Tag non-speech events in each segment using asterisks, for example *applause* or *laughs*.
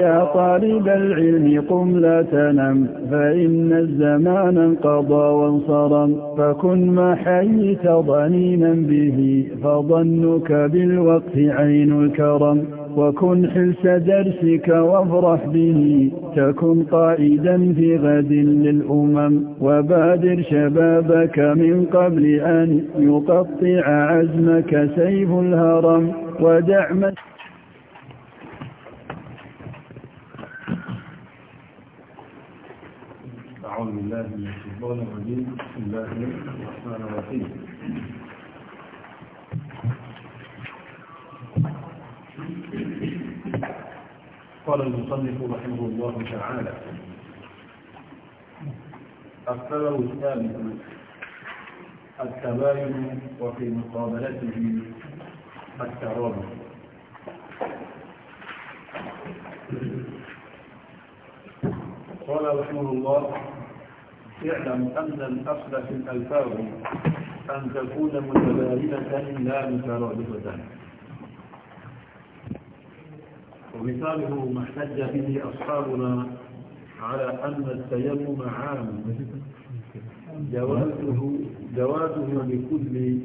يا طالب العلم قم لا تنم فإن الزمان انقضى وانصرم فكن ما حييت ضنينا به فظنك بالوقت عين الكرم وكن حلس درسك وافرح به تكن قائدا في غد للأمم وبادر شبابك من قبل أن يقطع عزمك سيف الهرم ودع من أعوذ بالله من الشيطان الرجيم بسم الله الرحمن الرحيم قال المصنف رحمه الله تعالى السبب الثالث التباين وفي مقابلته الترابط قال رحمه الله اعلم أن الأصل في الألفاظ أن تكون متبادلة لا مترادفة ومثاله ما احتج به أصحابنا على أن التيمم عام جوازه جوازه لكل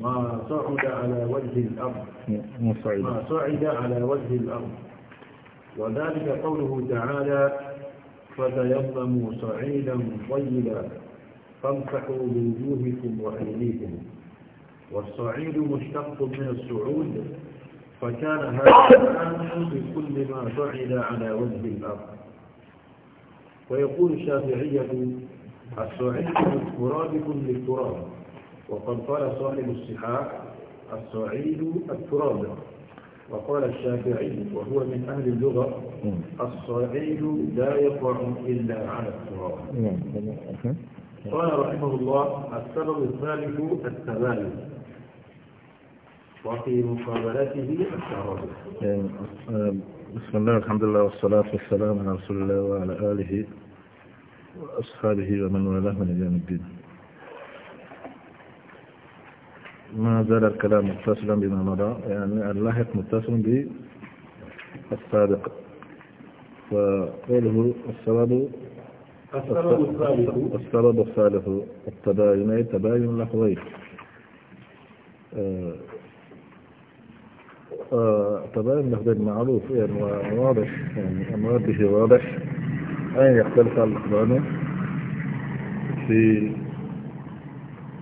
ما صعد على وجه الأرض ما صعد على وجه الأرض وذلك قوله تعالى فتيمموا صعيدا طيبا فامسحوا بوجوهكم وأيديكم والصعيد مشتق من الصعود فكان هذا بكل ما صعد على وجه الأرض ويقول الشافعية الصعيد مرادف للتراب وقد قال صاحب الصحاح الصعيد التراب وقال الشافعي وهو من أهل اللغة نعم. الصعيد لا يقع إلا على التراب نعم، قال رحمه الله السبب الثالث التبالي وفي مقابلته التراب نعم. بسم الله الحمد لله والصلاة والسلام على رسول الله وعلى آله وأصحابه ومن والاه من أيام الدين ما زال الكلام متصلا بما مضى يعني اللاحق متصل بالسابق فقوله السبب السبب الثالث التباين أي تباين لفظين آه، آه، تباين لفظين معروف يعني واضح يعني أمر واضح اين يختلف اللفظان في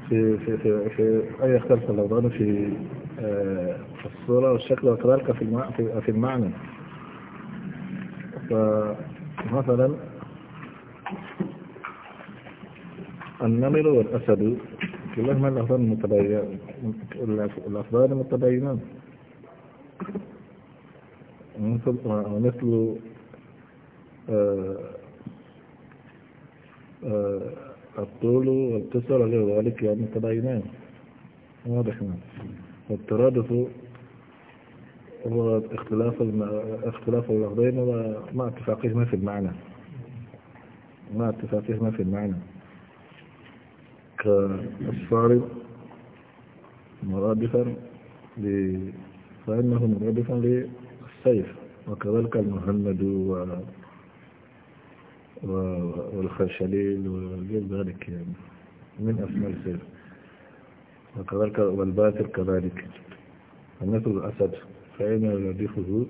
في في في, في اي اختلاف اللغوي في آه، في الصوره والشكل وكذلك في في المعنى فمثلا النمر والاسد كلاهما الافضان المتباينان الافضان المتباينان مثل مثل آه آه الطول والقصر ذلك يعني متباينان واضح نعم والترادف هو اختلاف اختلاف اللفظين وما اتفاقهما في المعنى ما اتفاقهما في المعنى كالصارم مرادفا ل... فإنه مرادفا للسيف وكذلك المهند و... والخشليل وغير ذلك يعني من أسماء السير وكذلك والباتر كذلك ومثل الأسد الذي خذوه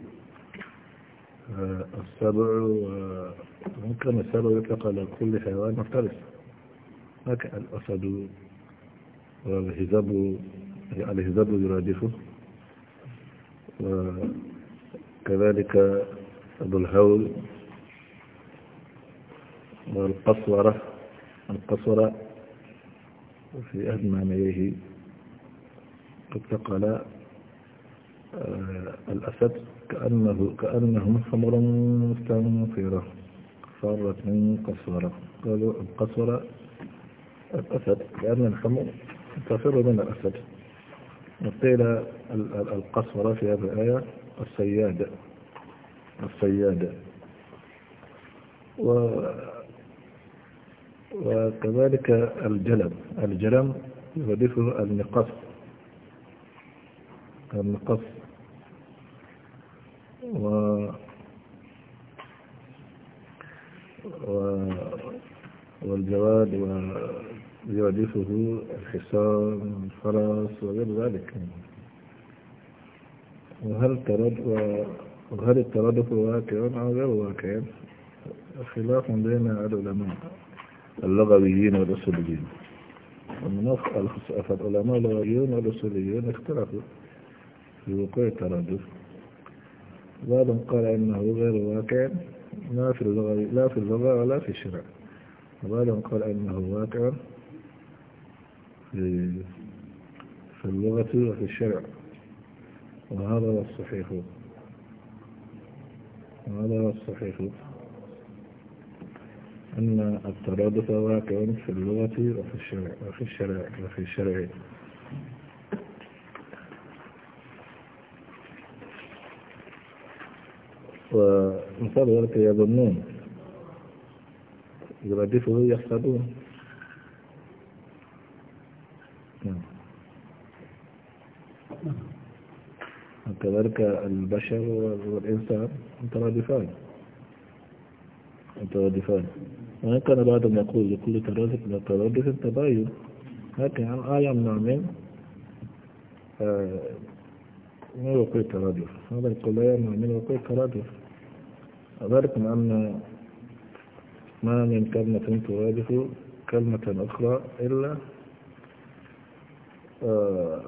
آه، السبع ممكن السبع يطلق على كل حيوان مفترس لكن الأسد والهزاب الهزاب يرادفه وكذلك أبو الهول والقصورة القصورة في أدنى ميه قد تقل آه، الأسد كأنه كأنه خمر مستنفرة فرت من قصورة قالوا القصورة الأسد لأن الحمر تفر من الأسد وقيل القصورة في هذه الآية الصيادة الصيادة و وكذلك الجلم الجلم يضيفه النقص النقص و و والجواد ويضيفه الحصان والفرس وغير ذلك وهل ترد وهل التردد واقع أو غير واقع خلاف بين العلماء اللغويين والأصوليين ومن فالعلماء اللغويون والأصوليون اختلفوا في وقوع التردد بعضهم قال أنه غير واقع لا في اللغة لا في اللغة ولا في الشرع وبعضهم قال أنه واقع في في اللغة وفي الشرع وهذا هو الصحيح وهذا هو الصحيح أن الترادف واقع في اللغة وفي الشرع وفي الشرع وفي الشرع ومثال ذلك يظنون يرادفه يحسبون نعم. وكذلك البشر والإنسان مترادفان مترادفان وإن كان بعضهم يقول لكل ترادف ترادف تباين لكن عن آية من عمين آه، من وقوع الترادف هذا يقول لا آية يمنع من وقوع الترادف ذلك من أن ما من كلمة ترادف كلمة أخرى إلا آه،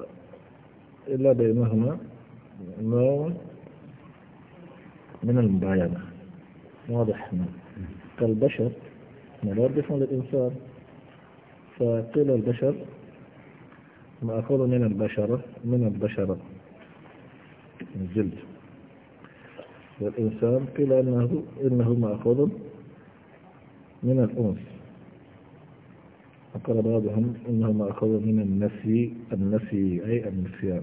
إلا بينهما نوع من المباينة واضح كالبشر احنا نوظفهم للإنسان فقيل البشر مأخوذ من البشرة من البشرة من الجلد والإنسان قيل أنه إنه مأخوذ من الأنس وقال بعضهم إنه مأخوذ من النسي النسي أي النسيان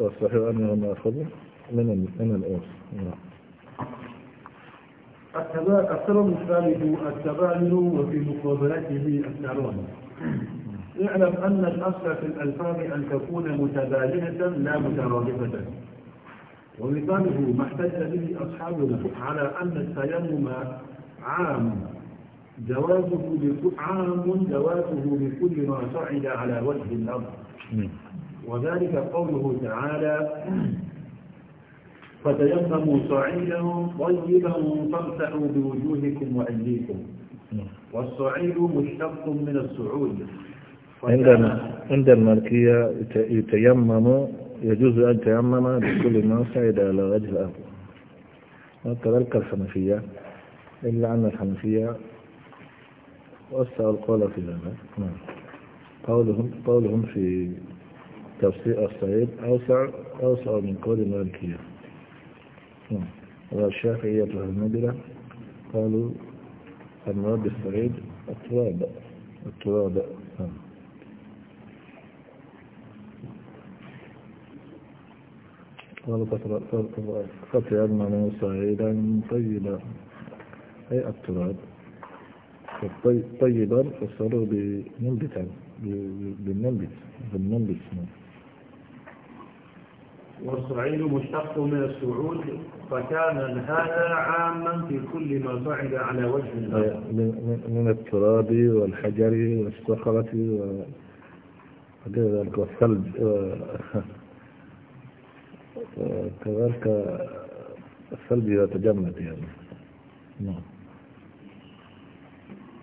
الصحيح أنه مأخوذ من من الأنس نعم من الثالث التباين وفي مقابلته التعاون اعلم أن الأصل في الألفاظ أن تكون متباينة لا مترادفة ومثاله ما احتج به أصحابنا على أن التيمم عام جوازه عام جوازه بكل ما صعد على وجه الأرض نعم. وذلك قوله تعالى فتيمموا صعيدا طيبا فامسحوا بوجوهكم وأيديكم نعم. والصعيد مشتق من الصعود عندنا عند المالكية يتيمم يجوز أن يتيمم بكل ما صعد على وجه الأرض وكذلك الحنفية إلا أن الحنفية وسعوا القول في ذلك نعم قولهم قولهم في تفسير الصعيد أوسع أوسع من قول المالكية والشافعية نعم. والمدلة قالوا المراد السعيد التراب التراب نعم. قالوا فتيمنوا سعيدا طيبا أي التراب طيب- طيبا فسروا بننبت بننبت بننبت نعم. والصعيد مشتق من السعود فكان هذا عاما في كل ما صعد على وجه الأرض من التراب والحجر والصخرة وغير ذلك والثلج وكذلك الثلج إذا تجمد يعني نعم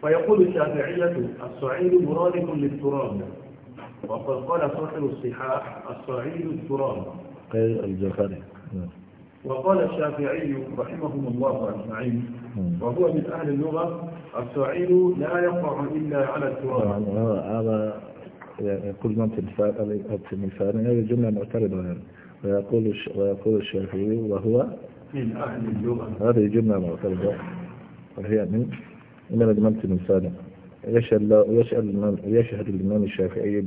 فيقول الشافعية الصعيد مرادف للتراب وقد قال صاحب الصحاح الصعيد التراب الجفاري نعم. وقال الشافعي رحمهم الله أجمعين نعم. وهو من أهل اللغة السعيد لا يقع إلا على التراب نعم. هذا يقول يعني في الفارن هذه جملة معترضة يعني ويقول ويقول الشافعي وهو من أهل اللغة هذه جملة معترضة وهي من من المنت الفارن يشهد يشهد الإمام الشافعي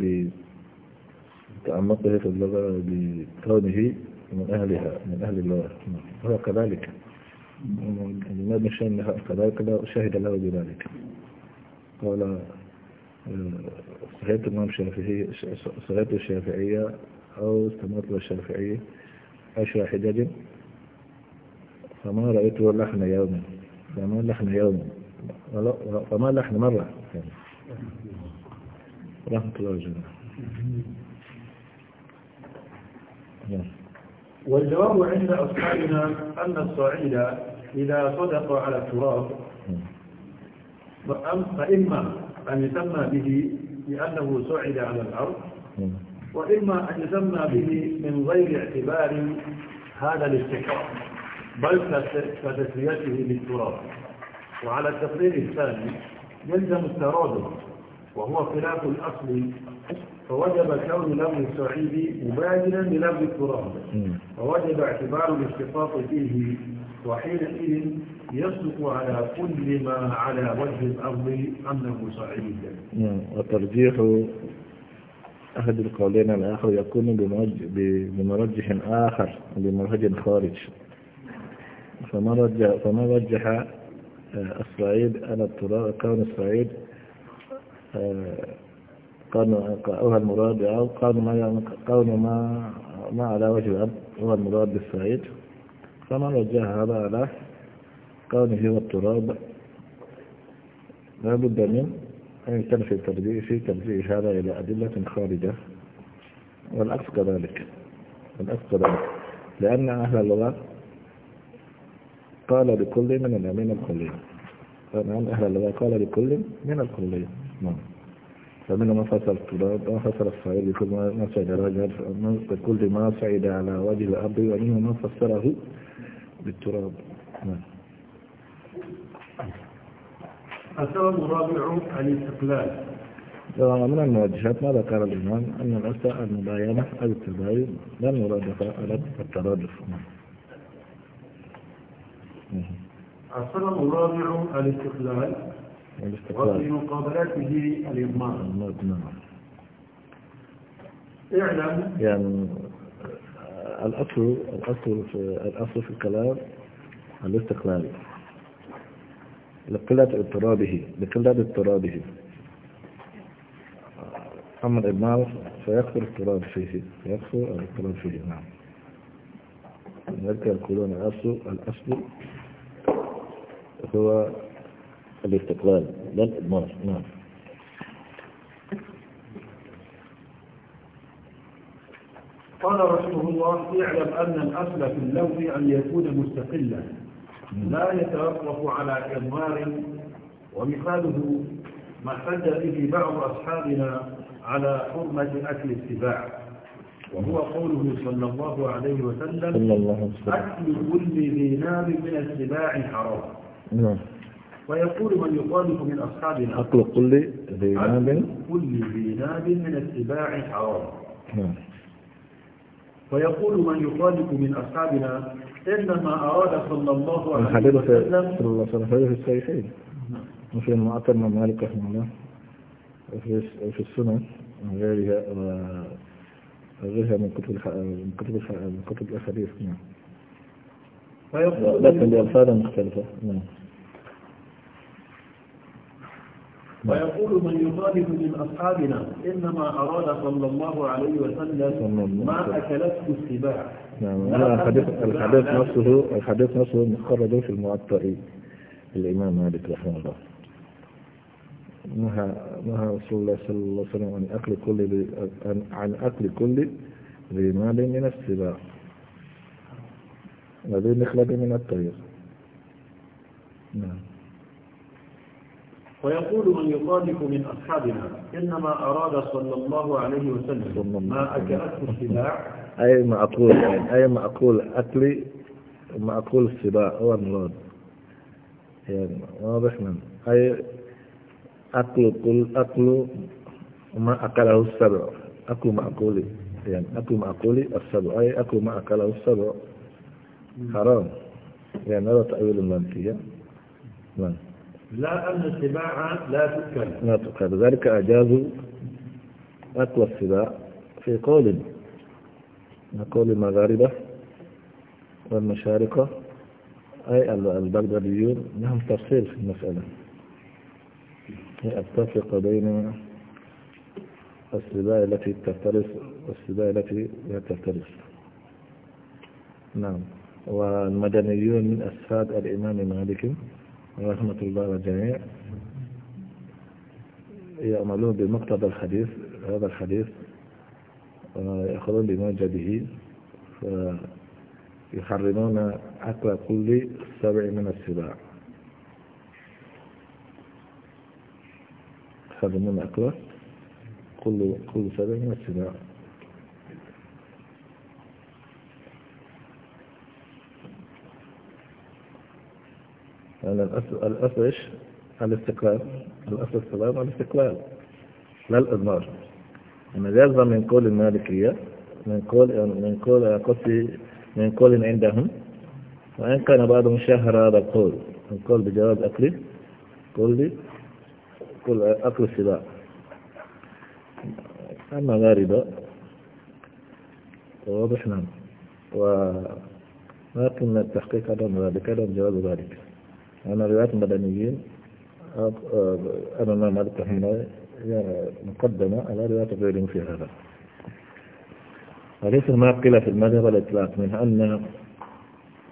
تعمق في اللغة بكونه من أهلها من أهل اللغة هو كذلك الإمام الشام كذلك شهد له بذلك قال آه، صحيت الإمام الشافعي صحيت الشافعية أو استمرت الشافعي عشر حجاج فما رأيت لحن يوم فما لحن يوم فما لحن مرة يعني. رحمة الله جميعا نعم. والجواب عند أصحابنا أن الصعيد إذا صدق على التراب فإما أن يسمى به لأنه صعد على الأرض نعم. وإما أن يسمى به من غير اعتبار هذا الاستحقاق بل كتسميته بالتراب وعلى التقرير الثاني يلزم الترادف وهو خلاف الأصل فوجب كون لفظ التوحيد مبادلا للفظ التراب فوجب اعتبار الاشتقاق فيه وحينئذ يصدق على كل ما على وجه الأرض أنه صعيد نعم. والترجيح أحد القولين الآخر يكون بمرجح آخر بمرهج خارج فما رجح, فما رجح آه، الصعيد على التراب كون الصعيد آه، قالوا هو المراد أو قالوا ما يعني كون ما ما على وجه الأرض هو المراد بالسعيد فمن وجه هذا على كونه هو التراب لا بد من أن يكون في ترجيح في ترجيح هذا إلى أدلة خارجة والعكس كذلك والعكس كذلك لأن أهل اللغة قال لكل من من الكلين لأن أهل اللغة قال لكل من الكلين نعم فمنه من فصل التراب فصل الصعيد لكل ما صعد رجل بكل ما صعد على وجه الأرض ومنه من فسره بالتراب نعم. السبب الرابع الاستقلال آه، من المواجهات ما ذكر الإمام أن الأسى المباينة أو التباين لا المرادفة على الترادف نعم. السبب الرابع الاستقلال وفي مقابلته الإضمار اعلم يعني آه، الأصل الأصل في الأصل في الكلام الاستقلال لقلة اضطرابه لقلة اضطرابه آه، أما الإضمار فيكثر اضطراب فيه يكثر الاضطراب فيه نعم لذلك يقولون الأصل الأصل هو الاستقلال لا الإضمار نعم،, نعم قال رحمه الله اعلم أن الأصل في اللوح أن يكون مستقلا لا يتوقف على إضمار ومثاله ما حج به بعض أصحابنا على حرمة أكل السباع وهو قوله صلى الله عليه وسلم أكل كل ذي نار من السباع حرام نعم. ويقول من يخالف من أصحاب العقل كل ذي ناب كل ذي ناب من اتباع حرام نعم. ويقول من يخالف من أصحابنا إنما أراد صلى الله عليه وسلم صلى الله عليه وسلم في الصحيحين نعم. وفي المعطر من مالك رحمه الله وفي السنن من غيرها من كتب من كتب من كتب الأحاديث نعم لكن بألفاظ مختلفة نعم ويقول من يخالف من أصحابنا إنما أراد صلى الله عليه وسلم ما أكلته السباع نعم الحديث الحديث نفسه الحديث نفسه مخرج في المعطئ الإمام مالك رحمه الله نهى نهى رسول الله صلى الله عليه وسلم عن أكل كل عن أكل كل ذي مال من السباع الذي نخلد من الطير نعم ويقول من يصادف من أصحابنا إنما أراد صلى الله عليه وسلم ما أكلته السباع أي معقول أي معقول أكلي معقول السباع هو المراد يعني واضح من أي أكل كل أكل ما أكله السبع أكل معقول يعني أكل معقول السبع أي أكل ما أكله السبع حرام يعني هذا تأويل المالكية نعم لا أن السباع لا تؤكل لا تؤكل ذلك أجازوا أكل السباع في قول من قول المغاربة والمشارقة أي البغداديون لهم تفصيل في المسألة التفرق بين السباع التي تفترس والسباع التي لا تفترس نعم والمدنيون من أسفاد الإمام مالك رحمة الله والجميع يعملون بمقتضى الحديث هذا الحديث ويأخذون بموجبه فيحرمون أكل كل سبع من السباع يحرمون أكل كل كل سبع من السباع لأن يعني الأصل إيش الاستقلال الأصل السلام الاستقلال لا الإضمار أما يعني يلزم من قول المالكية من قول من قول قصي من قول عندهم وإن كان بعضهم شهر هذا القول القول بجواز أكله قول قول أكل السباع أما غاربة واضح نعم و لكن التحقيق عدم ذلك عدم جواز ذلك أنا رواية المدنيين أنا ما مالك هنا مقدمة على رواية غيرهم في هذا وليس ما قيل في المذهب الإطلاق من أن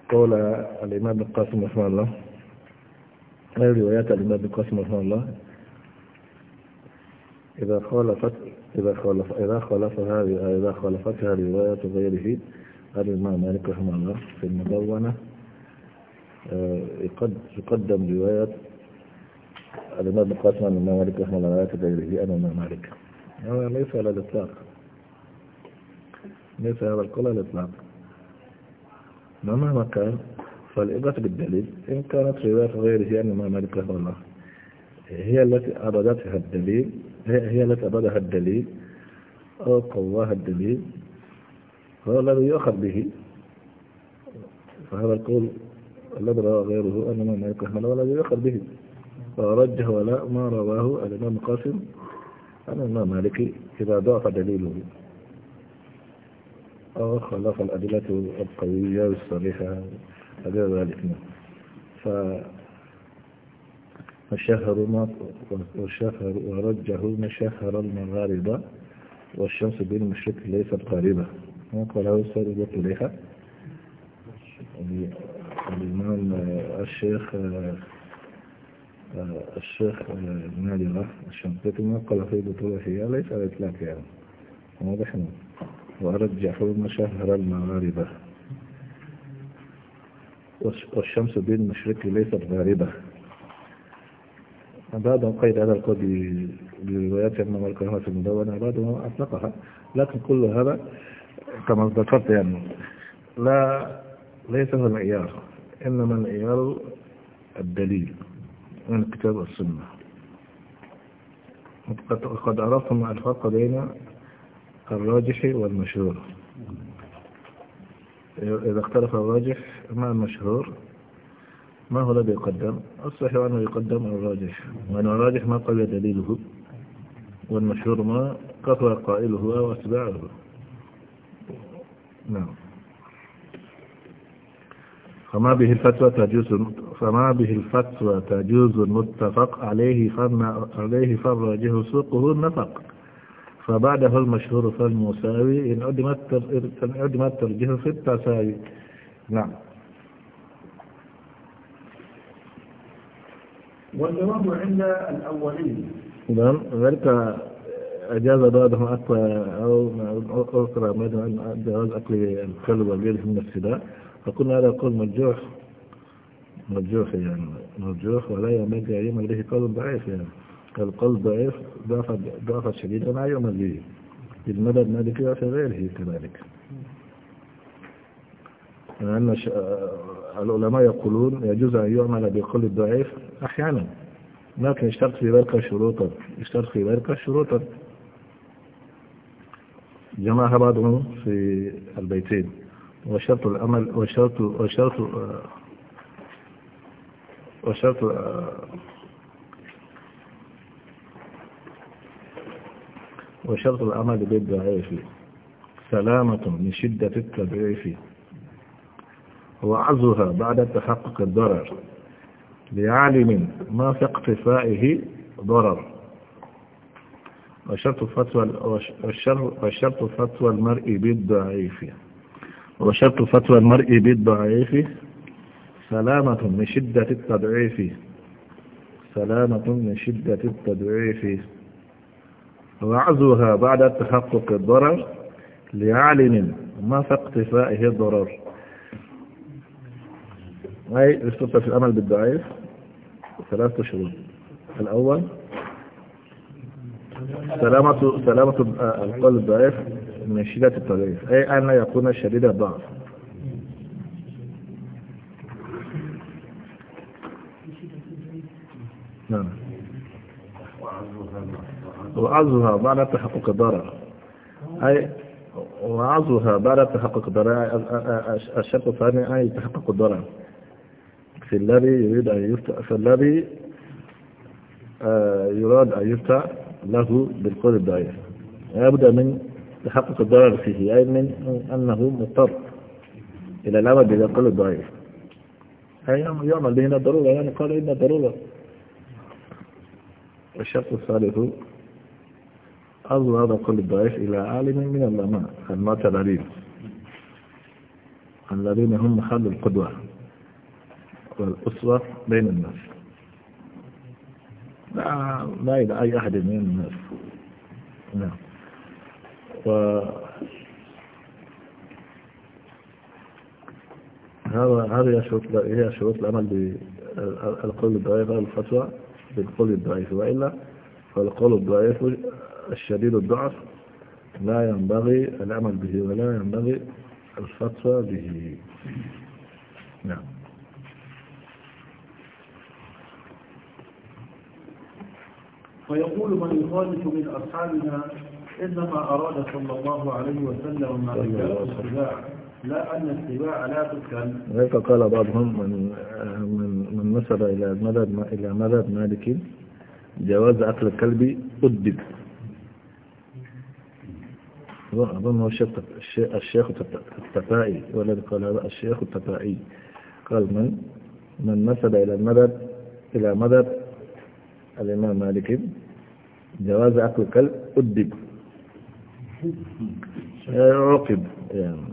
قول الإمام ابن القاسم رحمه الله روايات الإمام ابن القاسم رحمه الله إذا خالفت إذا خالف إذا خالفها إذا خالفتها رواية غيره قال الإمام مالك رحمه الله في المدونة آه، يقدم رواية الإمام ابن قاسم عن الإمام مالك رحمه الله تعالى غيره أنا الإمام مالك هذا ليس على الإطلاق ليس هذا القول على الإطلاق مهما كان فالإبرة بالدليل إن كانت رواية غيره عن الإمام مالك رحمه الله هي التي أبدتها الدليل هي التي أبدها الدليل أو قواها الدليل هو الذي يؤخذ به فهذا القول الذي روى غيره أن ما مالك يتحمل ولا يقر به ورجه ولا ما رواه الإمام القاسم أن الإمام مالكي إذا ضعف دليله أو خلاف الأدلة القوية والصريحة غير ذلك فالشهر ما وشهر ورجه ما شهر المغاربة والشمس بين المشرق ليست قريبة ما قاله السيد إليها الإمام آه، الشيخ آه، آه، الشيخ نادرة الشنقيطي ما قال في بطولة هي ليس على إطلاق يعني واضح وأرد جعفر مشهر المغاربة والشمس بين مشرقي ليست غاربة بعضهم قيد هذا القول بروايات أن ملكها في المدونة بعضهم أطلقها لكن كل هذا كما ذكرت يعني لا ليس هو المعيار إنما المعيار الدليل من الكتاب والسنة وقد عرفتم الفرق بين الراجح والمشهور إذا اختلف الراجح مع المشهور ما هو الذي يقدم الصحيح أنه يقدم الراجح وأن الراجح ما قوي دليله والمشهور ما قطع قائله أو أتباعه نعم فما به الفتوى تجوز فما به الفتوى تجوز المتفق عليه فن عليه فرجه سوقه النفق فبعده المشهور فالمساوي إن عدم إن في التساوي نعم والجواب عند الأولين نعم ذلك أجاز بعضهم أكثر أو أخرى مثلا جواز أكل الكلب وغيره من السباع فقلنا هذا قول مرجوح مرجوح يعني مرجوح ولا يمد أن يعمل به قول ضعيف يعني القول ضعيف ضعف ضعف شديدا لا يعمل به المدى المالكي وفي غيره كذلك لأن العلماء يقولون يجوز أن يعمل بقول الضعيف أحيانا لكن اشترط في ذلك شروطا اشترط في ذلك شروطا جمعها بعضهم في البيتين وشرط الأمل وشرط وشرط وشرط وشرط الأمل بالدعاء فيه سلامة من شدة التضعيف فيه وعزها بعد تحقق الضرر لعالم ما في اقتفائه ضرر وشرط فتوى وشرط فتوى المرء بالضعيف وشرط فتوى المرء بالضعيف سلامة من شدة التضعيف سلامة من شدة التضعيف وعزوها بعد تحقق الضرر لعالم ما في اقتفائه الضرر أي رسالة في الأمل بالضعيف ثلاثة شروط الأول سلامة سلامة آه، القلب الضعيف من شدة التضعيف أي أن يكون شديد الضعف نعم وعزها بعد تحقق الضرر أي وعزها بعد تحقق الضرر الشرط الثاني أي تحقق الضرر في الذي يريد أن يفتح في الذي آه، يراد أن يفتح له بالقول الضعيف لابد من تحقق الضرر فيه أي من أنه مضطر إلى العمل قل الضرر أي يعمل بهنا الضرورة يعني قال إن الضرورة والشرط الثالث أظهر كل الضعيف إلى عالم من العلماء العليم الذين هم محل القدوة والأسوة بين الناس لا لا إلى أي أحد من الناس نعم هذا هذه شروط هي شروط العمل بالقول الضعيف الفتوى بالقول الضعيف والا فالقول الضعيف الشديد الضعف لا ينبغي العمل به ولا ينبغي الفتوى به نعم ويقول من يخالف من أصحابنا إنما أراد صلى الله عليه وسلم ما السباع لا أن السباع لا تكل هيك قال بعضهم من من من نسب إلى مذهب إلى مذهب مالك جواز أكل الكلب أدب أظن هو الشيخ الشيخ التفائي والذي قال هذا الشيخ التفائي قال من من نسب إلى المدد إلى مدد الإمام مالك جواز أكل الكلب أدب عقب يعني.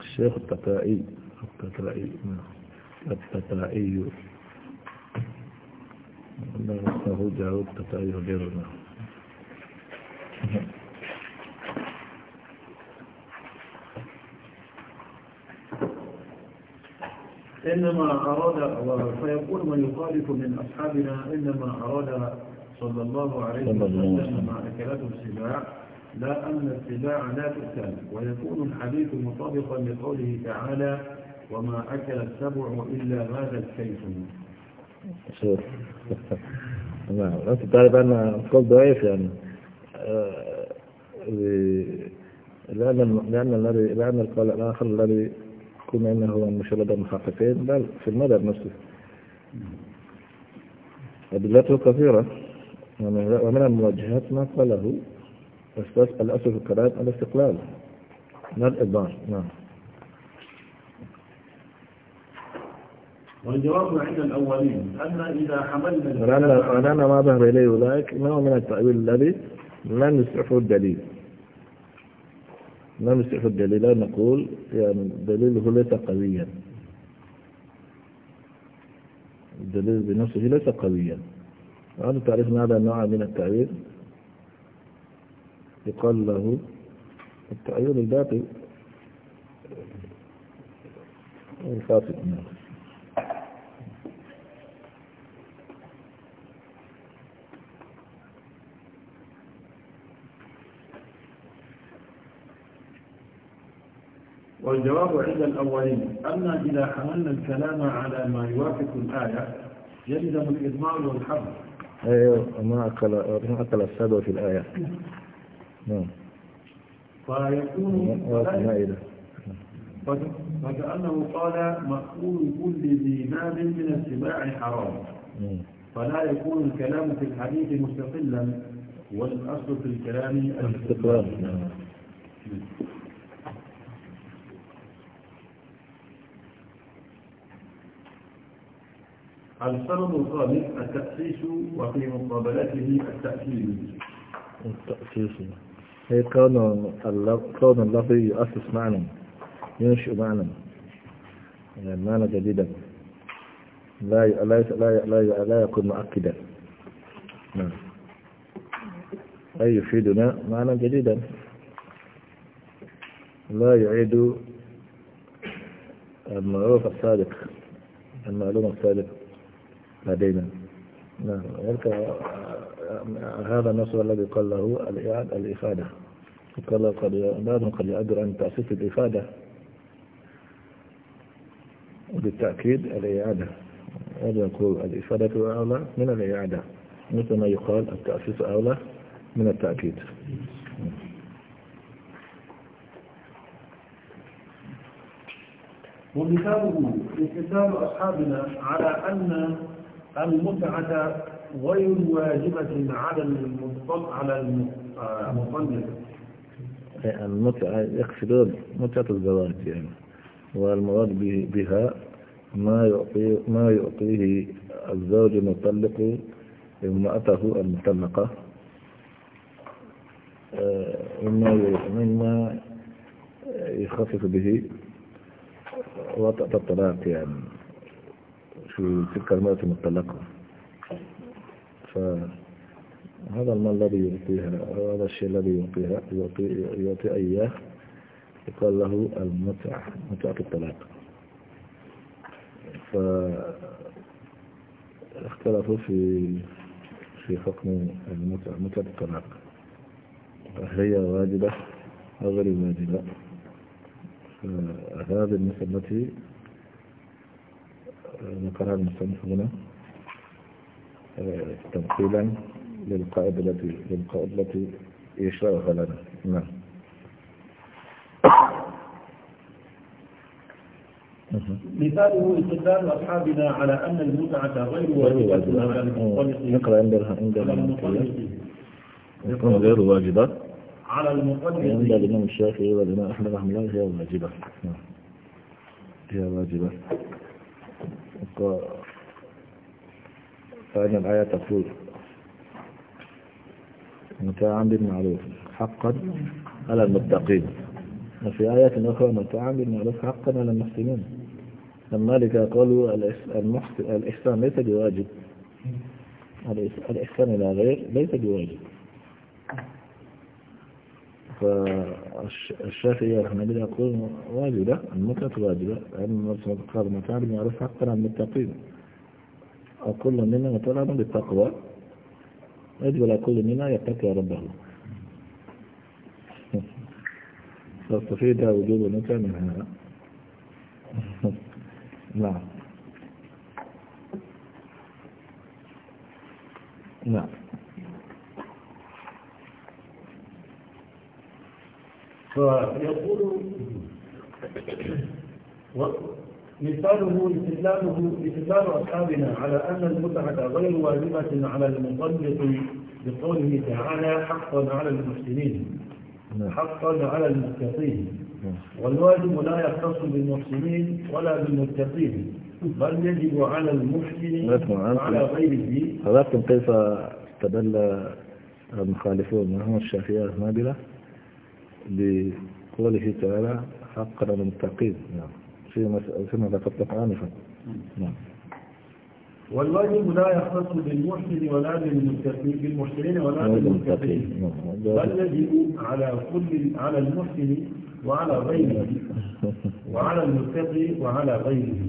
الشيخ التتائي التتائي التتائي لا اسمه داود التتائي غيرنا إنما أراد فيقول من يخالف من أصحابنا إنما أراد صلى الله عليه وسلم على كلام السباع لا أن السباع لا تؤتى ويكون الحديث مطابقا لقوله تعالى وما أكل السبع إلا هذا الكيس شوف *laughs* نعم أنت تعرف أن القول ضعيف يعني آه، لأن لأن الذي لأن القول الآخر الذي كما إنه مشرد المحققين بل في المدى نفسه أدلته كثيرة ومن المواجهات ما قاله الأستاذ الأسد الكرام الاستقلال من نعم، الإبان نعم والجواب عند الأولين أن إذا حملنا أنا ما ذهب إليه ذلك هو من التأويل الذي لم يصحه الدليل لم يصح الدليل لا نقول يعني دليله ليس قويا الدليل بنفسه ليس قويا هل تعرف هذا النوع من التعبير يقال له التعبير الباقي الفاسد والجواب عند الأولين أما إذا حملنا الكلام على ما يوافق الآية يلزم الإضمار والحظر أيوة، ما أكل ما أكل السبع في الآية نعم فيكون مائدة فكأنه قال مأكول كل ذي مال من السباع حرام نعم. فلا يكون الكلام في الحديث مستقلا والأصل في الكلام الاستقلال نعم. السبب الخامس التأسيس وفي مقابلته التأثير التأسيس هي كون كون اللفظ يؤسس معنى ينشئ معنى يعني معنى جديدا لا لا لا لا, لا يكون مؤكدا نعم أي يفيدنا معنى جديدا لا يعيد المعروف السابق المعلومة السابقة لدينا نعم هذا النص الذي قال له الإفادة قال له قد بعضهم قد يعبر عن تأسيس الإفادة وبالتأكيد الإعادة هذا يقول الإفادة أولى من الإعادة مثل ما يقال التأسيس أولى من التأكيد ومثاله استدلال أصحابنا على أن المتعة غير واجبة على المطلق على المطلق المتعة يقصدون متعة الزواج يعني والمراد بها ما يعطيه ما يعطيه الزوج المطلق امرأته المطلقة آه، مما مما يخفف به وطأة الطلاق يعني في تلك المرأة المطلقة فهذا المال الذي يعطيها هذا الشيء الذي يعطيها يعطي, يعطي إياه يقال له المتعة متعة الطلاق فاختلفوا في في حكم المتعة متعة الطلاق هي واجبة أو غير واجبة هذه المسألة نقرأ المصنف هنا آه، تمثيلا للقائد التي للقائد التي يشرحها لنا نعم مثاله استدلال أصحابنا على أن المتعة غير واجبة على المنطلق آه، نقرأ عندها عندها غير واجبة على المنطلق عند الإمام الشافعي والإمام أحمد رحمه الله هي واجبة نعم. هي واجبة فإن الآية تقول عن بالمعروف حقا على المتقين وفي آيات أخرى متاعا بالمعروف حقا على المحسنين المالك قالوا الإحسان ليس بواجب الإحسان إلى غير ليس بواجب فالشافعي الله يقول واجبة المطلق واجبة النفس قال تعالى يعرف حقا عن المتقين وكل منا مطلب بالتقوى يجب على كل منا يتقي ربه فاستفيد وجود المتع من هذا *laughs* نعم نعم فيقول مثاله استدلاله استدلال أصحابنا على أن المتعة غير واجبة على المطلق بقوله تعالى حقا على المحسنين نعم. حقا على المتقين والواجب لا يختص بالمحسنين ولا بالمتقين بل يجب على المحسن وعلى غيره ولكن كيف استدل المخالفون هم الشافعية النابلة لقوله تعالى حقا للمتقين نعم فيما فيما ذكرت آنفا نعم والواجب لا يختص بالمحسن ولا بالمحسنين ولا بالمتقين نعم. بل يجب على كل على المحسن وعلى غيره وعلى المتقي وعلى غيره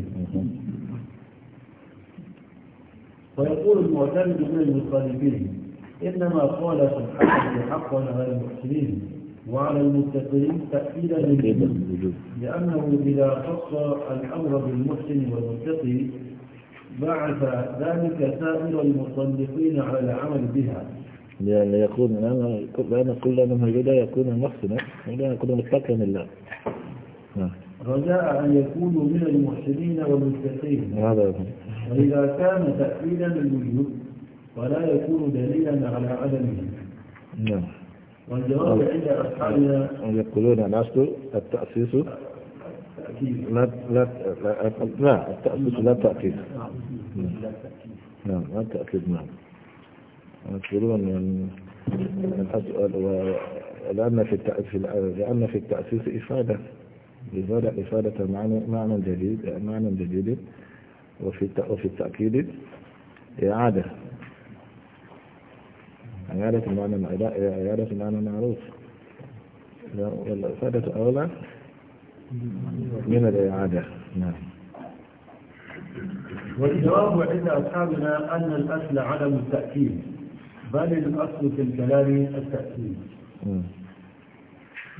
ويقول المعتمد من المخالفين إنما قال سبحانه حقا على المحسنين وعلى المتقين تأكيدا للوجوب لأنه إذا خص الأمر بالمحسن والمتقي بعث ذلك سائر المصدقين على العمل بها لأن يكون لأن لأن كل من لا يكون محسنا ولا يكون متقا لله نعم. رجاء أن يكونوا من المحسنين والمتقين هذا وإذا كان تأكيدا للوجوب فلا يكون دليلا على عدمه نعم والجواب عند يقولون الناس التأسيس لا لا لا التأسيس لا تأكيد نعم لا تأكيد نعم يقولون لأن في لأن في التأسيس إفادة إفادة إفادة معنى معنى جديد معنى جديد وفي وفي التأكيد إعادة عيادة المعنى عيادة المعنى معروف والإفادة أولى من الإعادة نعم والجواب عند أصحابنا أن الأصل عدم التأكيد بل الأصل في الكلام التأكيد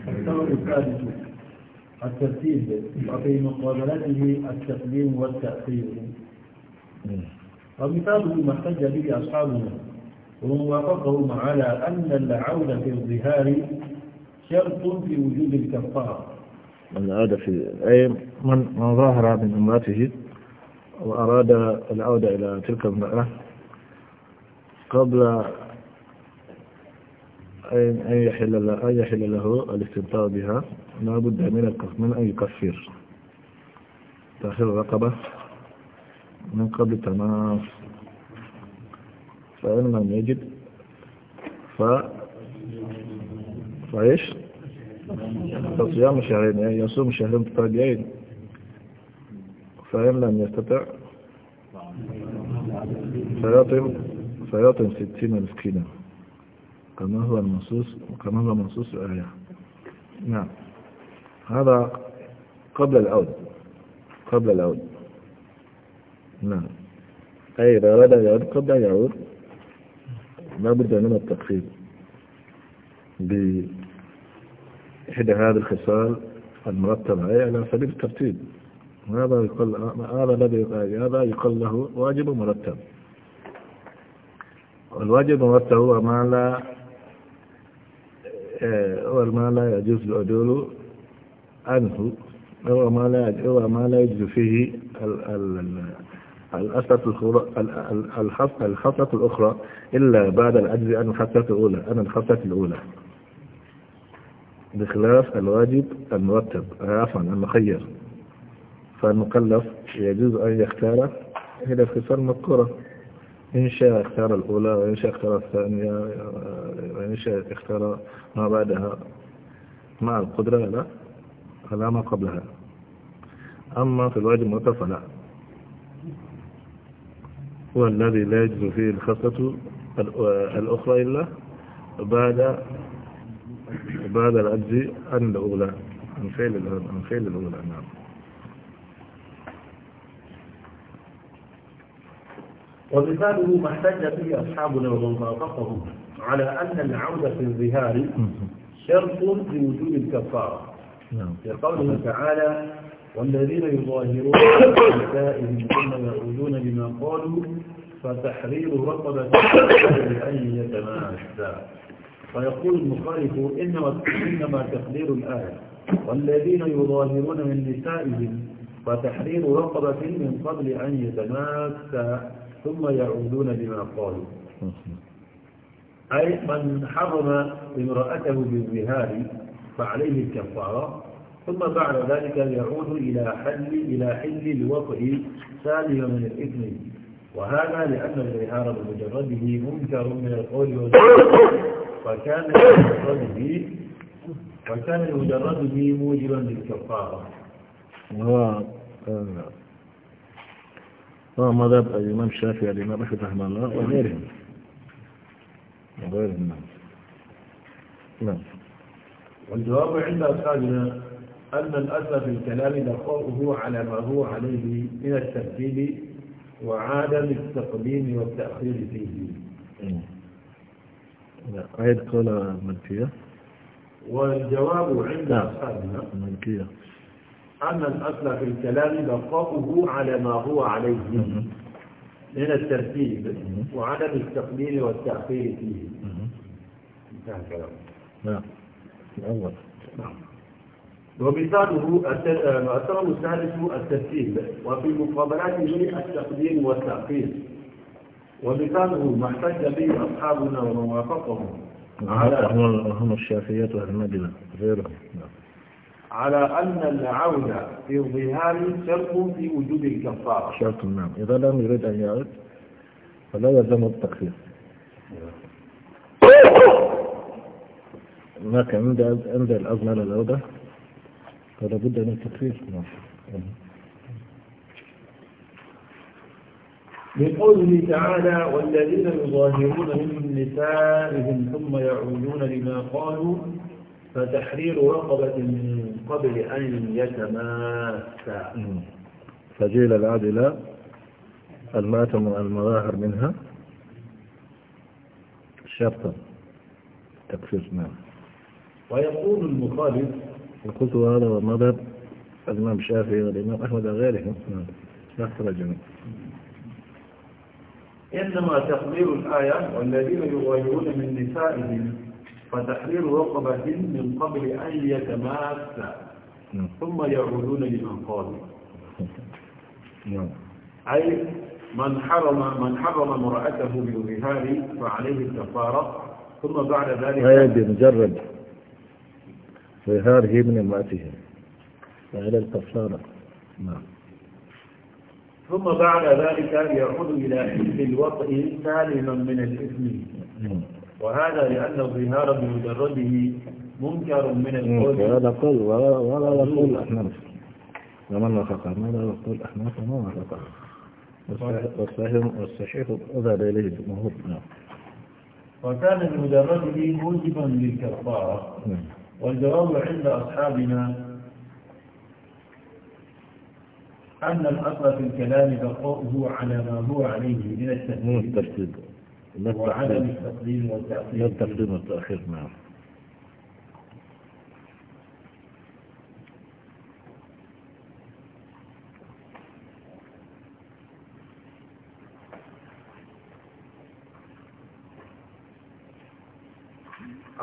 السبب الثالث الترتيب وفي مقابلته التقديم والتأخير ومثاله ما احتج به أصحابنا ووافقهم على أن العودة في الظهار شرط في وجود الكفارة من عاد في أي من من ظاهر من امرأته وأراد العودة إلى تلك المرأة قبل أن يحل له, أن يحل له الاستمتاع بها لا بد من من أن يكفر تأخير الرقبة من قبل تمام فإن لم يجد ف فإيش فصيام شهرين يعني يصوم شهرين متتابعين فإن لم يستطع فيطعم فيطعم ستين مسكينا كما هو المنصوص كما هو منصوص الآية نعم هذا قبل العود قبل العود نعم أي إذا أراد يعود قبل يعود لا بد من التقصير بإحدى هذه الخصال المرتبة أي على سبيل الترتيب هذا يقال هذا الذي هذا يقال له واجب مرتب والواجب المرتب هو ما لا إيه، هو ما لا يجوز العدول عنه هو ما لا هو ما لا يجوز فيه ال ال الخصلة الأخرى إلا بعد الأجزاء من الخصلة الأولى أنا الخصلة الأولى بخلاف الواجب المرتب عفوا المخير فالمكلف يجوز أن يختار إلى الخصال المذكورة إن شاء اختار الأولى وإن شاء اختار الثانية وإن شاء اختار ما بعدها مع القدرة على ما قبلها أما في الواجب المرتب فلا هو الذي لا يجوز فيه الخصة الأخرى إلا بعد بعد الأجزاء عن الأولى عن فعل عن فعل الأولى نعم ومثاله ما احتج به أصحابنا ومن وافقهم على أن العودة في الظهار شرط لوجود الكفارة نعم في قوله تعالى والذين يظاهرون نسائهم ثم يعودون بما قالوا فتحرير رقبة أن يتماسا فيقول المخالف إنما إنما تقدير الآية والذين يظاهرون من نسائهم فتحرير رقبة من قبل أن يتماسا ثم يعودون بما قالوا أي من حرم امرأته بالظهار فعليه الكفارة ثم بعد ذلك يعود إلى حل إلى حل الوضع سالما من الإثم وهذا لأن الإهار بمجرده منكر من القول والجهر فكان بمجرده فكان بمجرده موجبا للكفارة هو آه، هو مذهب الإمام الشافعي الإمام أحمد رحمه الله وغيرهم وغيرهم نعم نعم والجواب عند أصحابنا أن الأصل في الكلام بقاؤه على ما هو عليه من الترتيب وعدم التقديم والتأخير فيه. أعيد قول الملكية. والجواب عند نعم. أصحابنا الملكية أن الأصل في الكلام بقاؤه على ما هو عليه من الترتيب وعدم التقديم والتأخير فيه. انتهى الكلام. نعم. الأول. نعم. ومثاله السبب آه، الثالث الترتيب وفي مقابلاته التقديم والتأخير ومثاله ما احتج به أصحابنا وموافقهم وافقهم هم الشافية والمدنة غيرهم على أن العودة في الظهار شرط في وجود الكفارة شرط نعم إذا لم يريد أن يعود فلا يلزم التكفير ما كان عند عند الأزمة للعودة فلا بد من التكفير نعم قوله تعالى والذين يظاهرون من نسائهم ثم يعودون لما قالوا فتحرير رقبة من قبل أن يتماسا فجيل العادلة الماتم المظاهر منها شرطا تكفير نعم ويقول المخالف وقلت هذا مذهب الإمام الشافعي والإمام أحمد وغيرهم نحصل نعم. الجميع إنما تقرير الآية والذين يغيرون من نسائهم فتحرير رقبة من قبل أن يتماس نعم. ثم يعودون لمن قالوا نعم. أي من حرم من حرم امرأته بالظهار فعليه الكفارة ثم بعد ذلك هذا بمجرد وإظهاره من امرأته وإلى الكفارة نعم ثم بعد ذلك يعود إلى حلف الوطء سالما من الإثم نعم. وهذا لأن الظهار بمجرده منكر من القول نعم، هذا قول ولا يقول أحناف ومن وافقه ماذا يقول أحناف وما وافقه والصحيح والصحيح أذهب إليه الجمهور نعم وكان بمجرده موجبا للكفارة نعم. والجواب عند أصحابنا أن الأصل في الكلام بقاؤه على ما هو عليه من التفسير وعدم التقديم والتأخير التقديم والتأخير نعم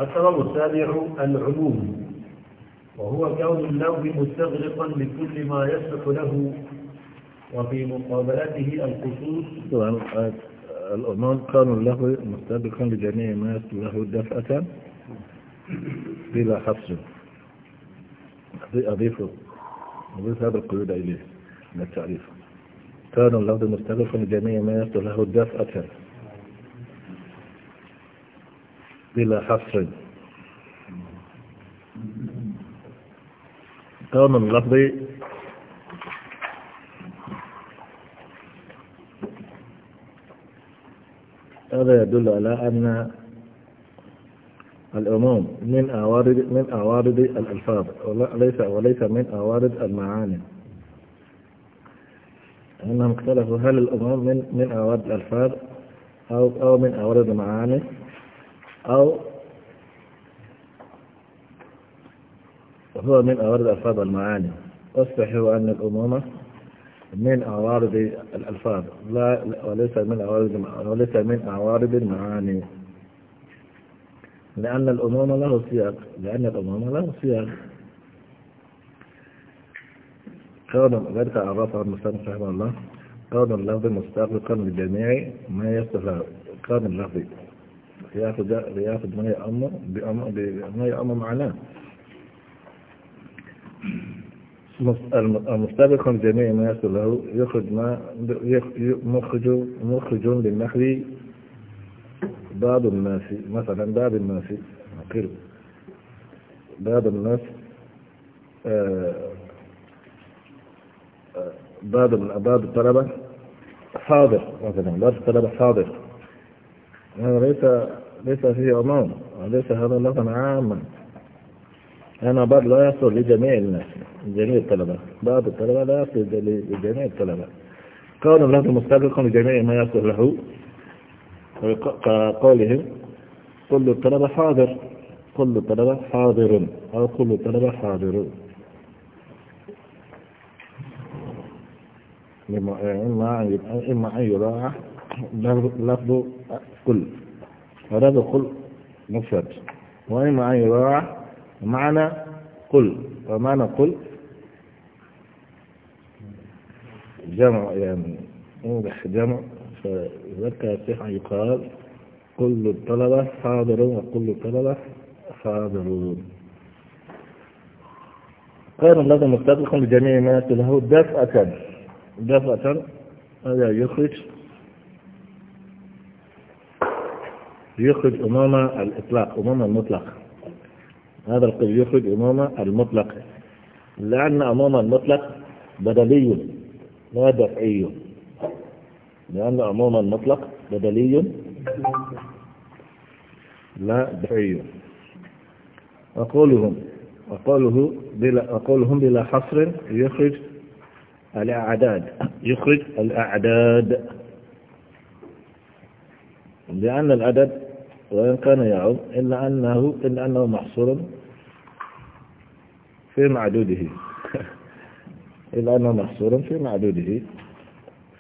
السبب السابع العلوم وهو كون اللوم مستغرقا لكل ما يصلح له وفي مقابلته الخصوص طبعا الأمام قانون له مستغرقا لجميع ما يصلح له دفعة بلا حفظ أضيف أضيف هذا القيود إليه من التعريف كان اللفظ مستغرقا لجميع ما يصلح له دفعة بلا حصر كون اللفظ هذا يدل على أن العموم من أوارد من أوارد الألفاظ وليس وليس من أوارد المعاني أنهم اختلفوا هل الأمور من من أوارد الألفاظ أو أو من أوارد المعاني أو هو من أوارد ألفاظ المعاني أصبحوا أن الأمومة من أوارد الألفاظ لا وليس من أوارد وليس من عوارض المعاني لأن الأمومة له سياق لأن الأمومة له سياق كون ذلك عرفه المصنف رحمه الله كون اللفظ مستغرقا لجميع ما يستفاد كون اللفظ يأخذ يأخذ ما يأمر بما يأمر معناه المستبق جميع ما يصل له يخرج ما مخرج مخرج للنخل بعض الناس مثلا بعض الناس قل باب الناس بعض بعض آه، آه، الطلبة حاضر مثلا بعض الطلبة حاضر هذا ليس ليس فيه عموم وليس هذا لفظا عاما أنا بعض لا يصل لجميع الناس جميع الطلبة بعض الطلبة لا يصل لجميع الطلبة كون الله مستقلق لجميع ما يصل له كقولهم كل الطلبة حاضر كل الطلبة حاضر أو كل الطلبة حاضر إما أن يراعى لفظ كل هذا قل مفرد وين معنى يراعى معنى قل ومعنى قل جمع يعني انجح جمع فذكر يصح أن يقال كل الطلبة حاضرون وكل الطلبة حاضرون قال الله مستدلق لجميع ما له دفعة دفعة هذا يخرج يخرج أمامة الإطلاق أمامة المطلق هذا القول يخرج أمامة المطلق لأن أمامة المطلق بدلي لا دفعي لأن أمامة المطلق بدلي لا دفعي وقولهم وقوله بلا وقولهم بلا حصر يخرج الأعداد يخرج الأعداد لأن العدد وإن كان يعم إلا أنه, إلا أنه محصور في معدوده *laughs* إلا أنه محصور في معدوده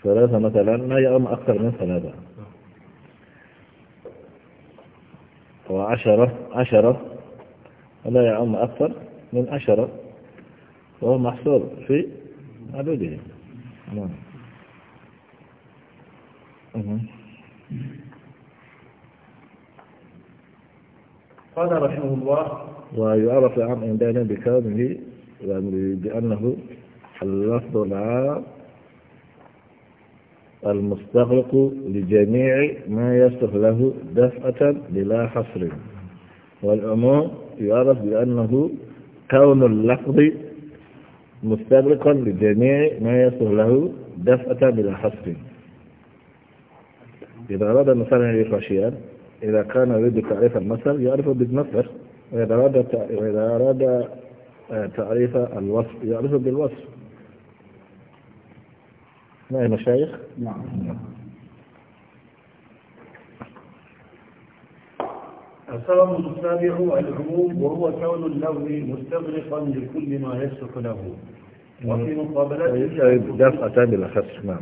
ثلاثة مثلا لا يعم أكثر من ثلاثة وعشرة عشرة ولا يعم أكثر من عشرة وهو محصور في معدوده نعم قال رحمه الله ويعرف العام عندنا بكونه يعني بأنه اللفظ العام المستغرق لجميع ما يصلح له دفعة بلا حصر والعموم يعرف بأنه كون اللفظ مستغرقا لجميع ما يصلح له دفعة بلا حصر إذا أراد مثلا يقرأ شيئا إذا كان يريد تعريف المثل يعرفه بالمثل وإذا أراد وإذا أراد آه، تعريف الوصف يعرفه بالوصف ما نعم يا مشايخ؟ نعم السبب السابع العموم وهو كون اللفظ مستغرقا لكل ما يصلح له وفي مقابلته طيب، طيب، دفعة بالأخص نعم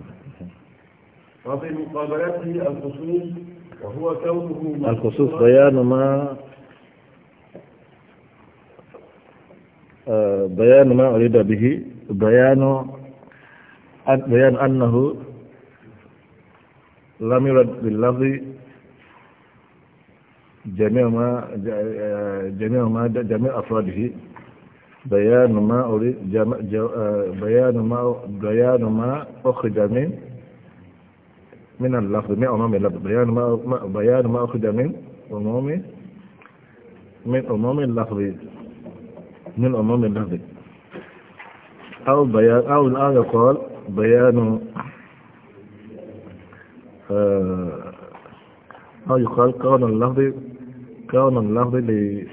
وفي مقابلته الخصوص وهو كونه الخصوص بيان ما آه، بيان ما أريد به بيان بيان أنه لم يرد باللفظ جميع ما جميع ما جميع أفراده بيان ما أريد آه، بيان ما بيان ما أخرج من من اللفظ من أمام اللفظ بيان ما بيان ما أخذ من أمام من أمام اللفظ من أمام اللفظ أو بيان أو الآن يقال بيان آه، أو يقال كون اللفظ كون اللفظ ل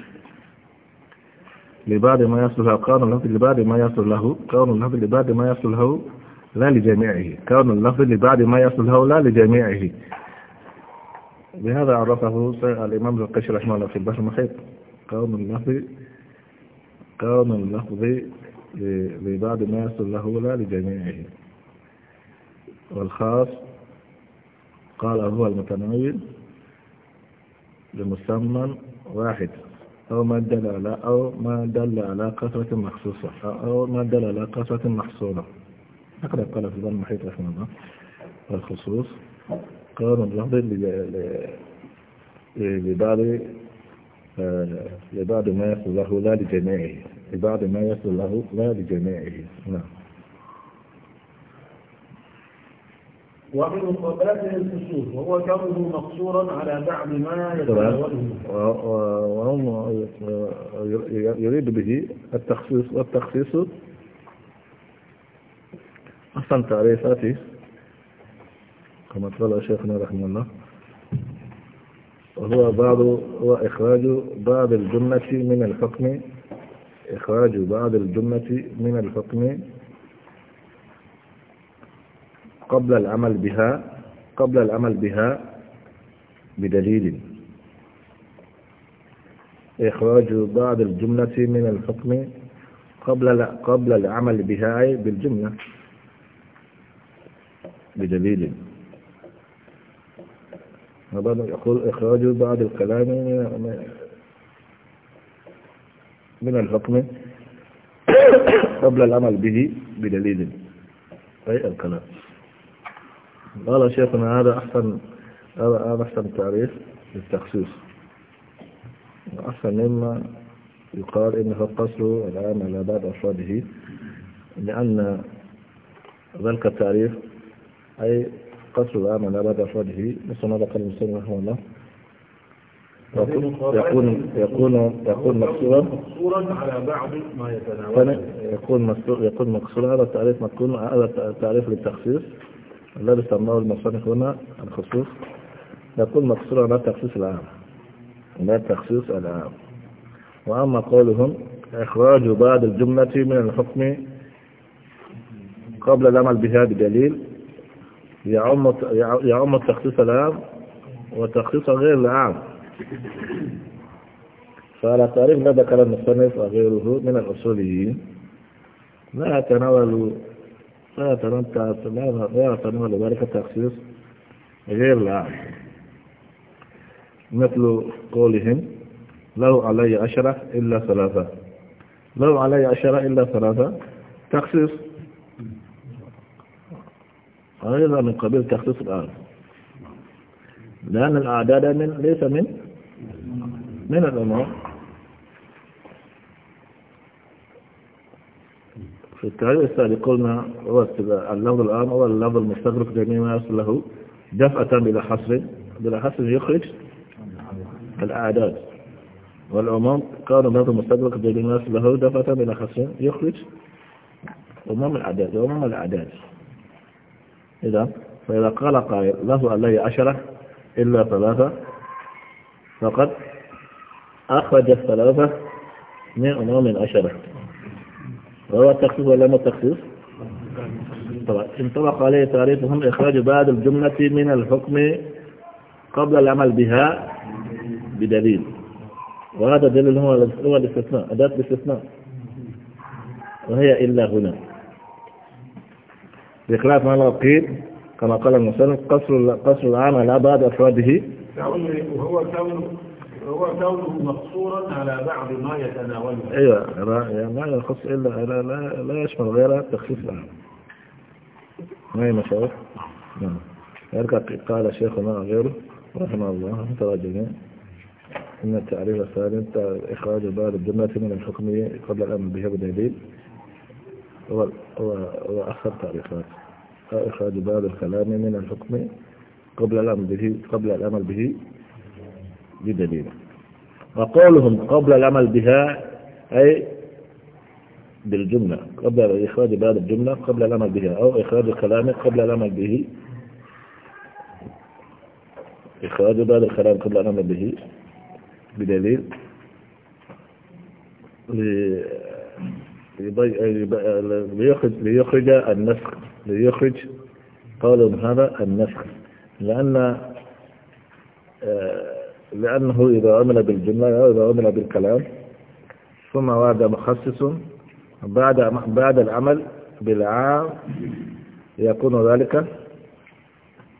لبعد ما يصل له كون اللفظ لبعد ما يصل له كون اللفظ لبعد ما يصل له لا لجميعه كون اللفظ لبعد ما يصل هو لا لجميعه بهذا عرفه الإمام ابن رحمه الله في البحر المحيط كون اللفظ كون اللفظ لبعد ما يصل له لا لجميعه والخاص قال هو المتنوين لمسمى واحد أو ما دل على أو ما دل على كثرة مخصوصة أو ما دل على كثرة محصولة فقد قال في البر المحيط رحمه الله بالخصوص قال اللفظ لبعض آه، لبعض ما يصل له لا لجميعه لبعض ما يصل له لا لجميعه نعم ومن قباله الخصوص وهو كونه مقصورا على بعض ما يتناوله وهم يريد به التخصيص والتخصيص أحسنت عليه كما قال شيخنا رحمه الله وهو بعض وإخراج بعض الجملة من الحكم إخراج بعض الجملة من الحكم قبل العمل بها قبل العمل بها بدليل إخراج بعض الجملة من الحكم قبل قبل العمل بها بالجملة بدليل هذا يقول إخراج بعض الكلام من الحكم قبل العمل به بدليل أي الكلام قال شيخنا هذا أحسن هذا أحسن تعريف للتخصيص وأحسن مما يقال إنه القصر الآن على بعض أفراده لأن ذلك التعريف أي قتل آمن بعد فرده مثل ما ذكر المسلم رحمه الله يكون يكون يكون يكون مكسورا على بعض ما يتناول يكون مكسور يكون مكسورا هذا التعريف مكون هذا التعريف للتخصيص الذي سماه المصنف هنا الخصوص يكون مكسورا على التخصيص العام لا التخصيص العام وأما قولهم إخراج بعض الجملة من الحكم قبل العمل بها بدليل يعم يعم التخصيص العام وتخصيص غير العام فعلى تعريف ما ذكر المصنف وغيره من الأصوليين لا يتناول لا يتناول ذلك التخصيص غير العام مثل قولهم له علي عشرة إلا ثلاثة له علي عشرة إلا ثلاثة تخصيص أيضا من قبيل تخصيص الآن لأن الأعداد من ليس من من الأمور في التعريف السابق قلنا هو اللفظ الآن هو اللفظ المستغرق جميع ما يصل له دفعة بلا حصر بلا حصر يخرج الأعداد والعموم كان اللفظ المستغرق جميع ما يصل له دفعة بلا حصر يخرج عموم الأعداد عموم الأعداد إذا فإذا قال قائل له أن لي عشرة إلا ثلاثة فقد أخرج الثلاثة من أمام عشرة وهو التخصيص ولا ما التخصيص؟ طبعا انطبق عليه تعريفهم إخراج بعض الجملة من الحكم قبل العمل بها بدليل وهذا دليل هو الاستثناء أداة الاستثناء وهي إلا هنا بخلاف ما لو قيل كما قال المسلم قصر قصر العام على بعض أفراده وهو كون هو كونه مقصورا على بعض ما يتناوله ايوه يعني ما يخص الا لا لا, لا يشمل غير تخفيف العام ما هي مشاوير؟ نعم يرجع قال شيخنا غيره رحمه الله تراجعنا ان التعريف الثاني اخراج بعض الجمله من الحكم قبل الامر بها بدليل وأخرت الإخراج إخراج باب الكلام من الحكم قبل الأمر به قبل الأمر به بدليل وقولهم قبل العمل بها أي بالجملة قبل إخراج باب الجملة قبل العمل بها أو إخراج الكلام قبل العمل به إخراج باب الكلام قبل العمل به بدليل آه، آه، ليخرج, ليخرج النسخ ليخرج قولهم هذا النسخ لأن آه، لأنه إذا عمل بالجملة أو إذا عمل بالكلام ثم ورد مخصص بعد بعد العمل بالعام يكون ذلك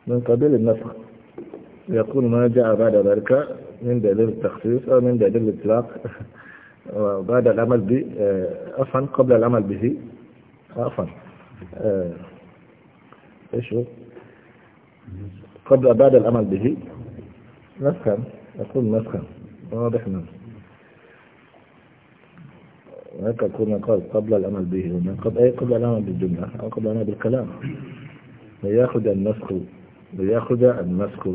من قبيل النسخ يكون ما جاء بعد ذلك من دليل التخصيص أو من دليل الإطلاق *laughs* وبعد العمل آه، به عفوا قبل العمل به عفوا ايش هو؟ قبل بعد العمل به مسخا يكون مسخا واضح نعم هناك يكون قال قبل العمل به قبل أي قبل العمل بالجملة أو قبل العمل بالكلام ليأخذ النسخ ليأخذ النسخ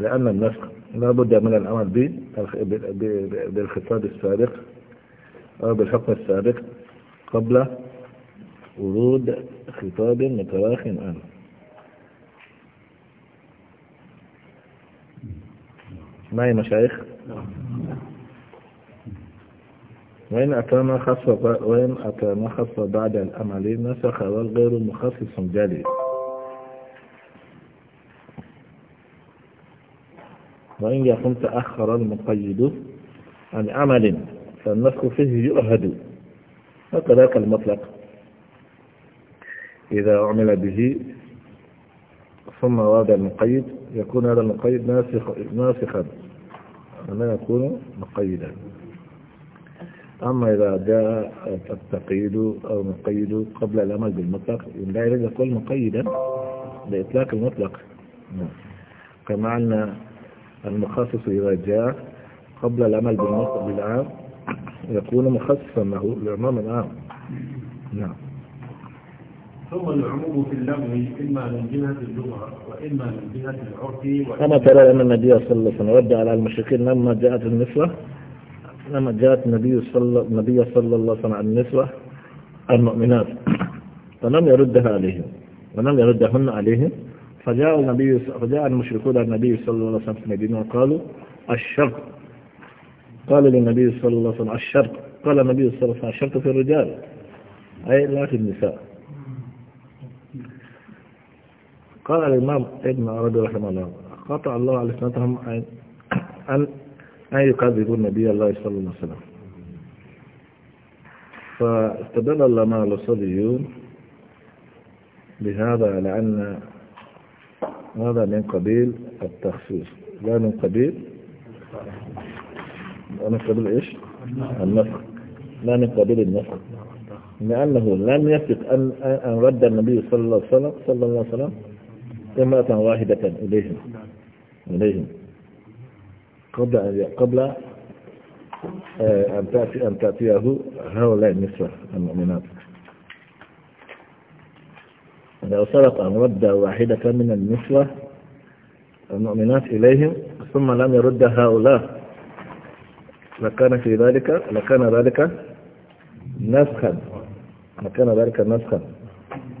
لأن النسخ لا بد من العمل بالخطاب السابق أو بالحكم السابق قبل ورود خطاب متواخ عنه معي مشايخ وإن ما خص وإن ما خص بعد الأمل نسخ والغير مخصص جديد وإن يكن تأخر المقيد عن عمل فالنسخ فيه يؤهد وكذلك المطلق إذا عمل به ثم ورد المقيد يكون هذا المقيد ناسخ ناسخا ولا يكون مقيدا أما إذا جاء التقييد أو مقيد قبل العمل بالمطلق لا يكون مقيدا لإطلاق المطلق نعم. كما أن المخصص إذا جاء قبل العمل بالمصدر آه. العام يكون مخصصا له للعموم العام نعم ثم العموم في اللغو إما من جهة اللغة وإما من جهة العرف أما ترى أن النبي صلى الله عليه وسلم رد على المشركين لما جاءت النسوة لما جاءت النبي صلى النبي صلى الله عليه وسلم النسوة المؤمنات فلم يردها عليهم ولم يردهن عليهم فجاء النبي فجاء المشركون النبي صلى الله عليه وسلم في المدينة وقالوا الشرق قال للنبي صلى الله عليه وسلم الشرق قال النبي صلى الله عليه وسلم الشرق في الرجال أي لا في النساء قال الإمام ابن عربي رحمه الله قطع الله على سنتهم *coughs* أن أن يكذبوا النبي الله صلى الله عليه وسلم فاستدل مع الأصوليون بهذا لأن هذا من قبيل التخفيف لا من قبيل من قبيل إيش النفق لا من قبيل النفق لأنه لم يثق أن أن رد النبي صلى الله عليه وسلم صلى الله عليه وسلم امرأة واحدة إليهم إليهم قبل قبل آه، أن تأتي أن تأتيه هؤلاء النسوة المؤمنات لو سرق أن رد واحدة من النسوة المؤمنات إليهم ثم لم يرد هؤلاء لكان في ذلك لكان ذلك نسخا لكان ذلك نسخا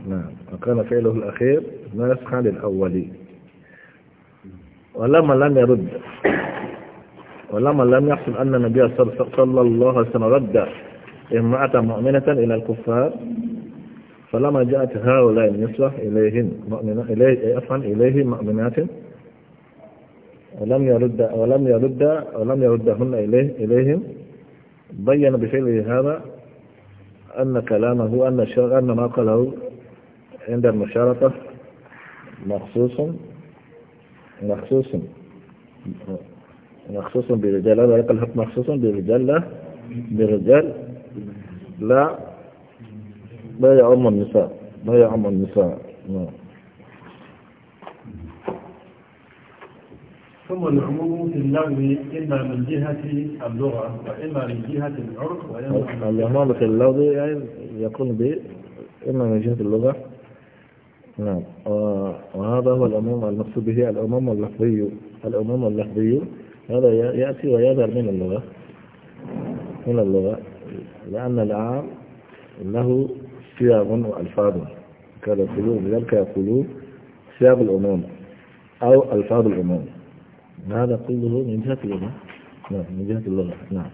نعم وكان فعله الأخير نسخا للأولي ولما لم يرد ولما لم يحصل أن النبي صلى الله عليه وسلم رد امرأة مؤمنة إلى الكفار فلما جاءت هؤلاء النسوة إليهن مؤمنة إليه إيه، عفوا إليه مؤمنات ولم يرد ولم يرد ولم يردهن إليه إليهم بين بفعله هذا أن كلامه أن أن ما قاله عند المشارطة مخصوص مخصوص مخصوص برجال هذا الحكم مخصوص برجال لا برجال لا لا يعم النساء لا يعم النساء نعم ثم العموم في اللغو إما من جهة اللغة وإما من جهة العرف وإما العموم في اللغو يعني يكون ب إما من جهة اللغة نعم وهذا هو العموم المقصود به العموم اللفظي العموم اللفظي هذا يأتي ويظهر من اللغة من اللغة لأن العام له سياغ وألفاظ كذا يقولون ذلك يقولون سياغ العموم أو ألفاظ العموم هذا كله من جهة اللغة نعم من جهة اللغة نعم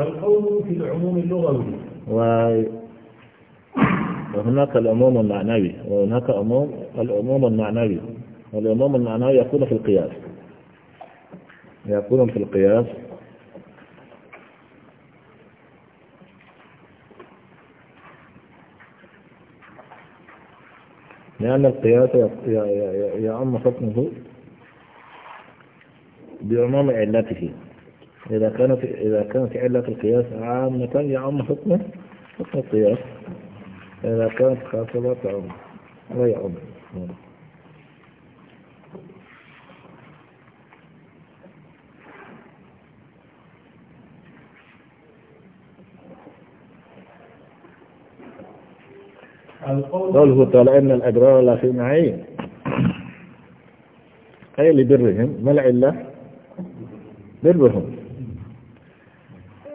القول في العموم اللغوي وهناك العموم المعنوي وهناك عموم العموم المعنوي والعموم المعنوي يكون في القياس يكون في القياس لأن القياس يعم حكمه بعموم علته إذا كانت إذا كانت علة القياس عامة يعم حكمه حكم القياس إذا كانت خاصة لا تعم لا يعم قوله تعالى إن الأبرار في معين أي لبرهم ما العلة برهم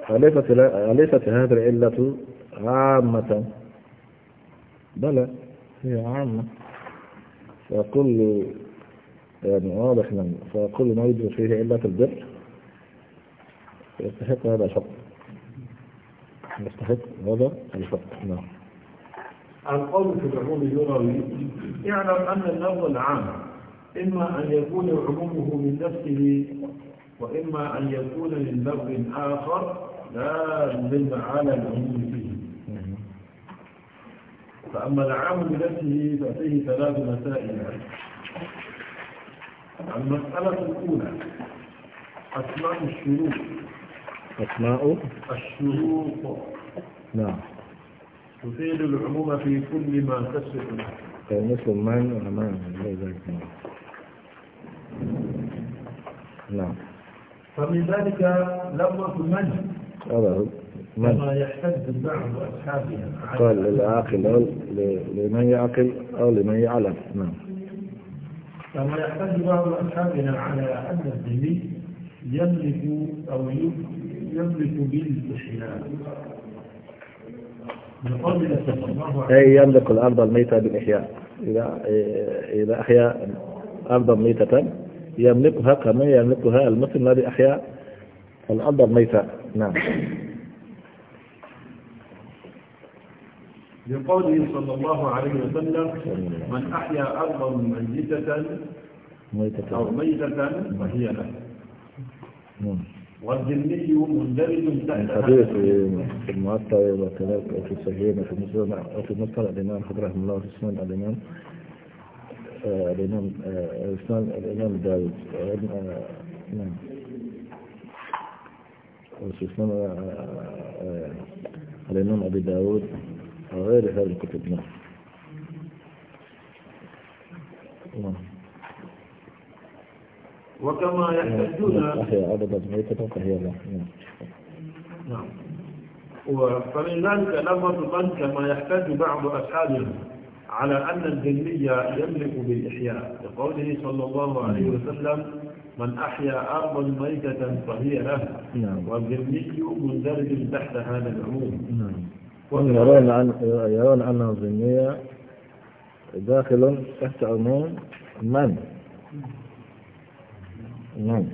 أليست أليست هذه العلة عامة بلى هي عامة فكل يعني واضح من فكل ما يدرس فيه علة البر يستحق هذا الحق يستحق هذا الحق نعم القول في العموم اللغوي اعلم أن اللفظ العام إما أن يكون عمومه من نفسه وإما أن يكون من لفظ آخر لا من على العموم فيه فأما العام بنفسه ففيه ثلاث مسائل المسألة الأولى أسماء الشروط أسماء الشروط نعم تفيد العموم في كل ما تسبق مثل من وأمان نعم فمن ذلك لفظة من كما يحتج بعض أصحابها قال للعاقل أو لمن يعقل أو لمن يعلم نعم كما يحتج بعض أصحابنا على أن الدين يملك أو يملك بالإحيان أي يملك الأرض الميتة بالإحياء إذا إيه، إذا أحيا أرضا ميتة يملكها كما يملكها المسلم الذي أحيا الأرض الميتة نعم لقوله صلى الله عليه وسلم من أحيا أرضا ميتة ميتة أو ميتة فهي له نعم. والذمي مندرج يعني تحت حديث في المعطى وكذلك في الصحيحين في مسلم وفي مسلم الإمام حضر رحمه الله في سنن الإمام آه، الإمام آه، سنن الإمام داود آه، نعم وفي سنن الإمام أبي داود وغير هذه الكتب نعم, نعم. وكما يحتجون نعم فمن ذلك لما تظن كما يحتج بعض أصحابهم على أن الجنية يملك بالإحياء لقوله صلى الله عليه وسلم من أحيا أرضا ميتة فهي له والجني مندرج تحت هذا العموم يرون عن يرون أن الجنية داخل تحت عموم من نعم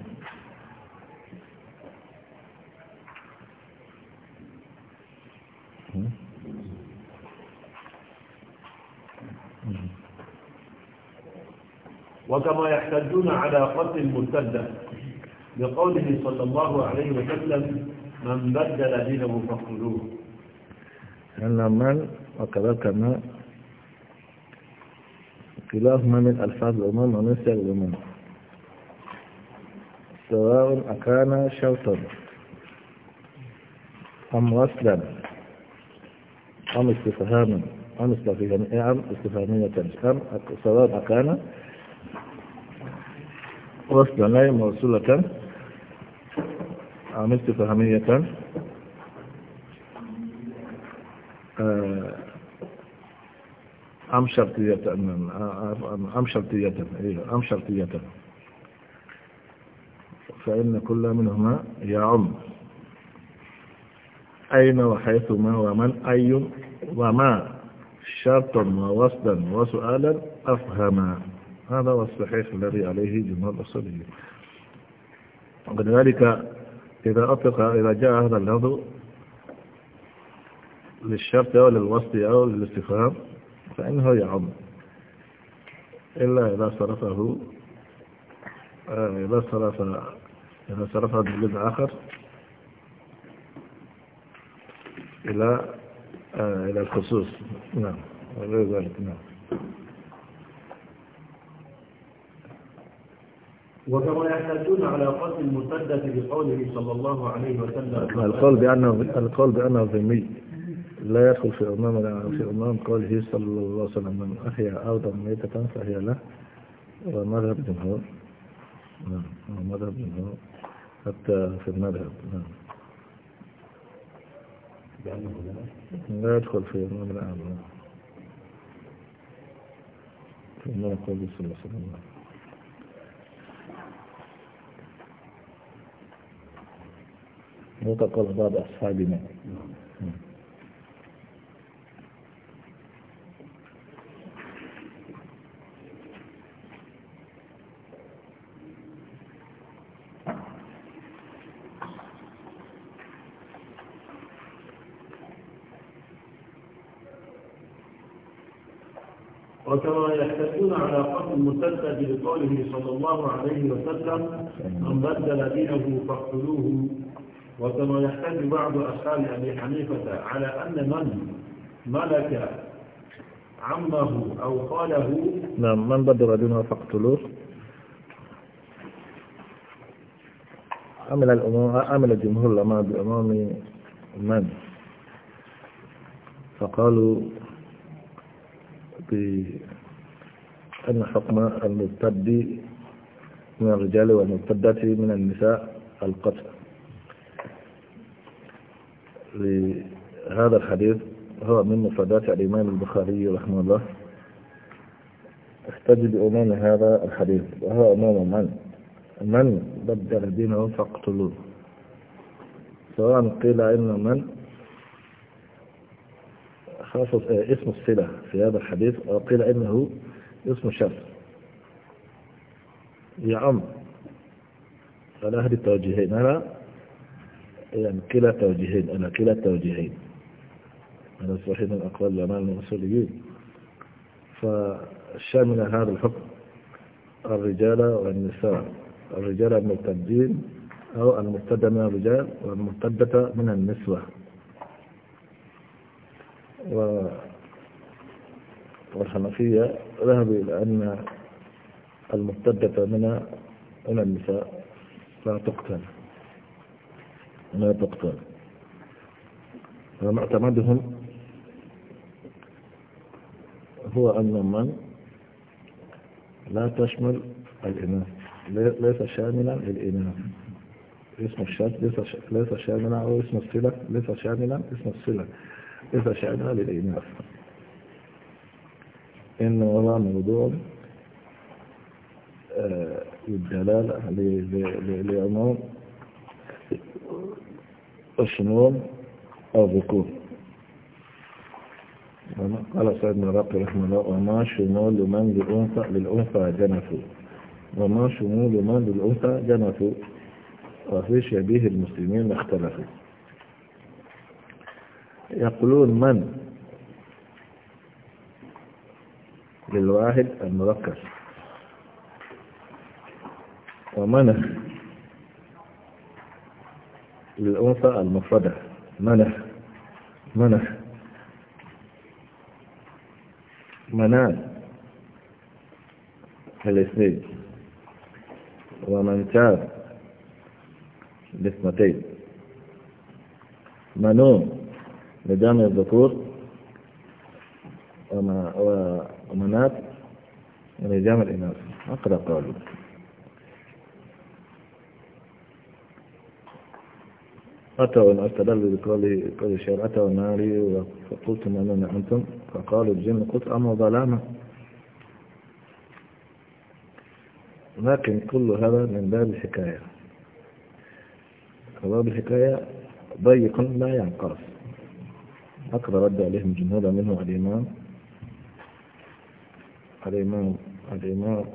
وكما يحتجون على قتل المرتد بقوله صلى الله عليه وسلم من بدل دينه فاقتلوه أن من وكذلك ما كلاهما من ألفاظ الأمم ومن سير الأمم سواء أكان شوطا أم وصلا أم استفهاما أم استفهامية أم استفهامية أم سواء أكان وصلا أي موصولة أم استفهامية أم شرطية أم شرطية أم شرطية فإن كل منهما يعم أين وحيثما ومن أي وما شرطا ووصدا وسؤالا أفهما هذا هو الصحيح الذي عليه جمهور الأصوليين ولذلك إذا أطلق إذا جاء هذا اللفظ للشرط أو للوسط أو للاستفهام فإنه يعم إلا إذا صرفه آه، إذا صرف إذا صرفها بجزء آخر إلى آه إلى الخصوص نعم وغير ذلك نعم وكما يحتاجون على قلب المسدد بقوله صلى الله عليه وسلم القول بأنه القول بأنه ذمي لا يدخل في أمام في أمام قوله صلى الله عليه وسلم من أحيا أرضا ميتة فهي له ومذهب الجمهور نعم ومذهب الجمهور حتى في المذهب نعم. لا يدخل في الإمام الأعمى في إمام صلى الله عليه وسلم وتقول بعض أصحابنا نعم. نعم. وكما يحتجون على قتل المرتد بقوله صلى الله عليه وسلم من بدل دينه فاقتلوه وكما يحتج بعض أصحاب أبي حنيفة على أن من ملك عمه أو خاله نعم من بدل دينه فاقتلوه عمل الأمور عمل الجمهور لما بأمام من فقالوا في أن حكم المرتد من الرجال والمرتدة من النساء القتل هذا الحديث هو من مفردات الإمام البخاري رحمه الله احتج بأمام هذا الحديث وهو أمام من من بدل دينه فاقتلوه سواء قيل إن من خاصة آه، اسم الصلة في هذا الحديث آه، قيل إنه اسم شرط يعم على أهل التوجيهين أنا يعني كلا التوجيهين أنا كلا التوجيهين أنا صحيح من أقوال العلماء الأصوليين فشامل هذا الحكم الرجال والنساء الرجال المرتدين أو المرتدة من الرجال والمرتدة من النسوة والحنفية ذهبوا إلى أن المرتدة من من النساء لا تقتل لا تقتل ومعتمدهم هو أن من لا تشمل الإناث ليس شاملا للإناث اسم الشاذ ليس شاملا أو اسم الصلة ليس شاملا اسم الصلة إذا شئنا للإناث إن وضع موضوع للدلالة آه، لعموم الشمول أو ذكور نعم. قال سيدنا ربي رحمه الله وما شمول من للأنثى للأنفى جنفه وما شمول من للأنثى جنفه وفي شبيه المسلمين اختلفوا يقولون من للواحد المذكر ومن للأنثى المفردة من من منان الاثنين ومن تاب الاثنتين منون لجامع الذكور ومنات لجامع الإناث أقرأ قالوا أتوا استدلوا بقول قول الشعر أتى ناري وقلت ما من أنتم فقالوا الجن قلت أما ظلامة لكن كل هذا من باب الحكاية باب الحكاية ضيق لا ينقص هكذا رد عليهم جنودا منهم الإمام الإمام الإمام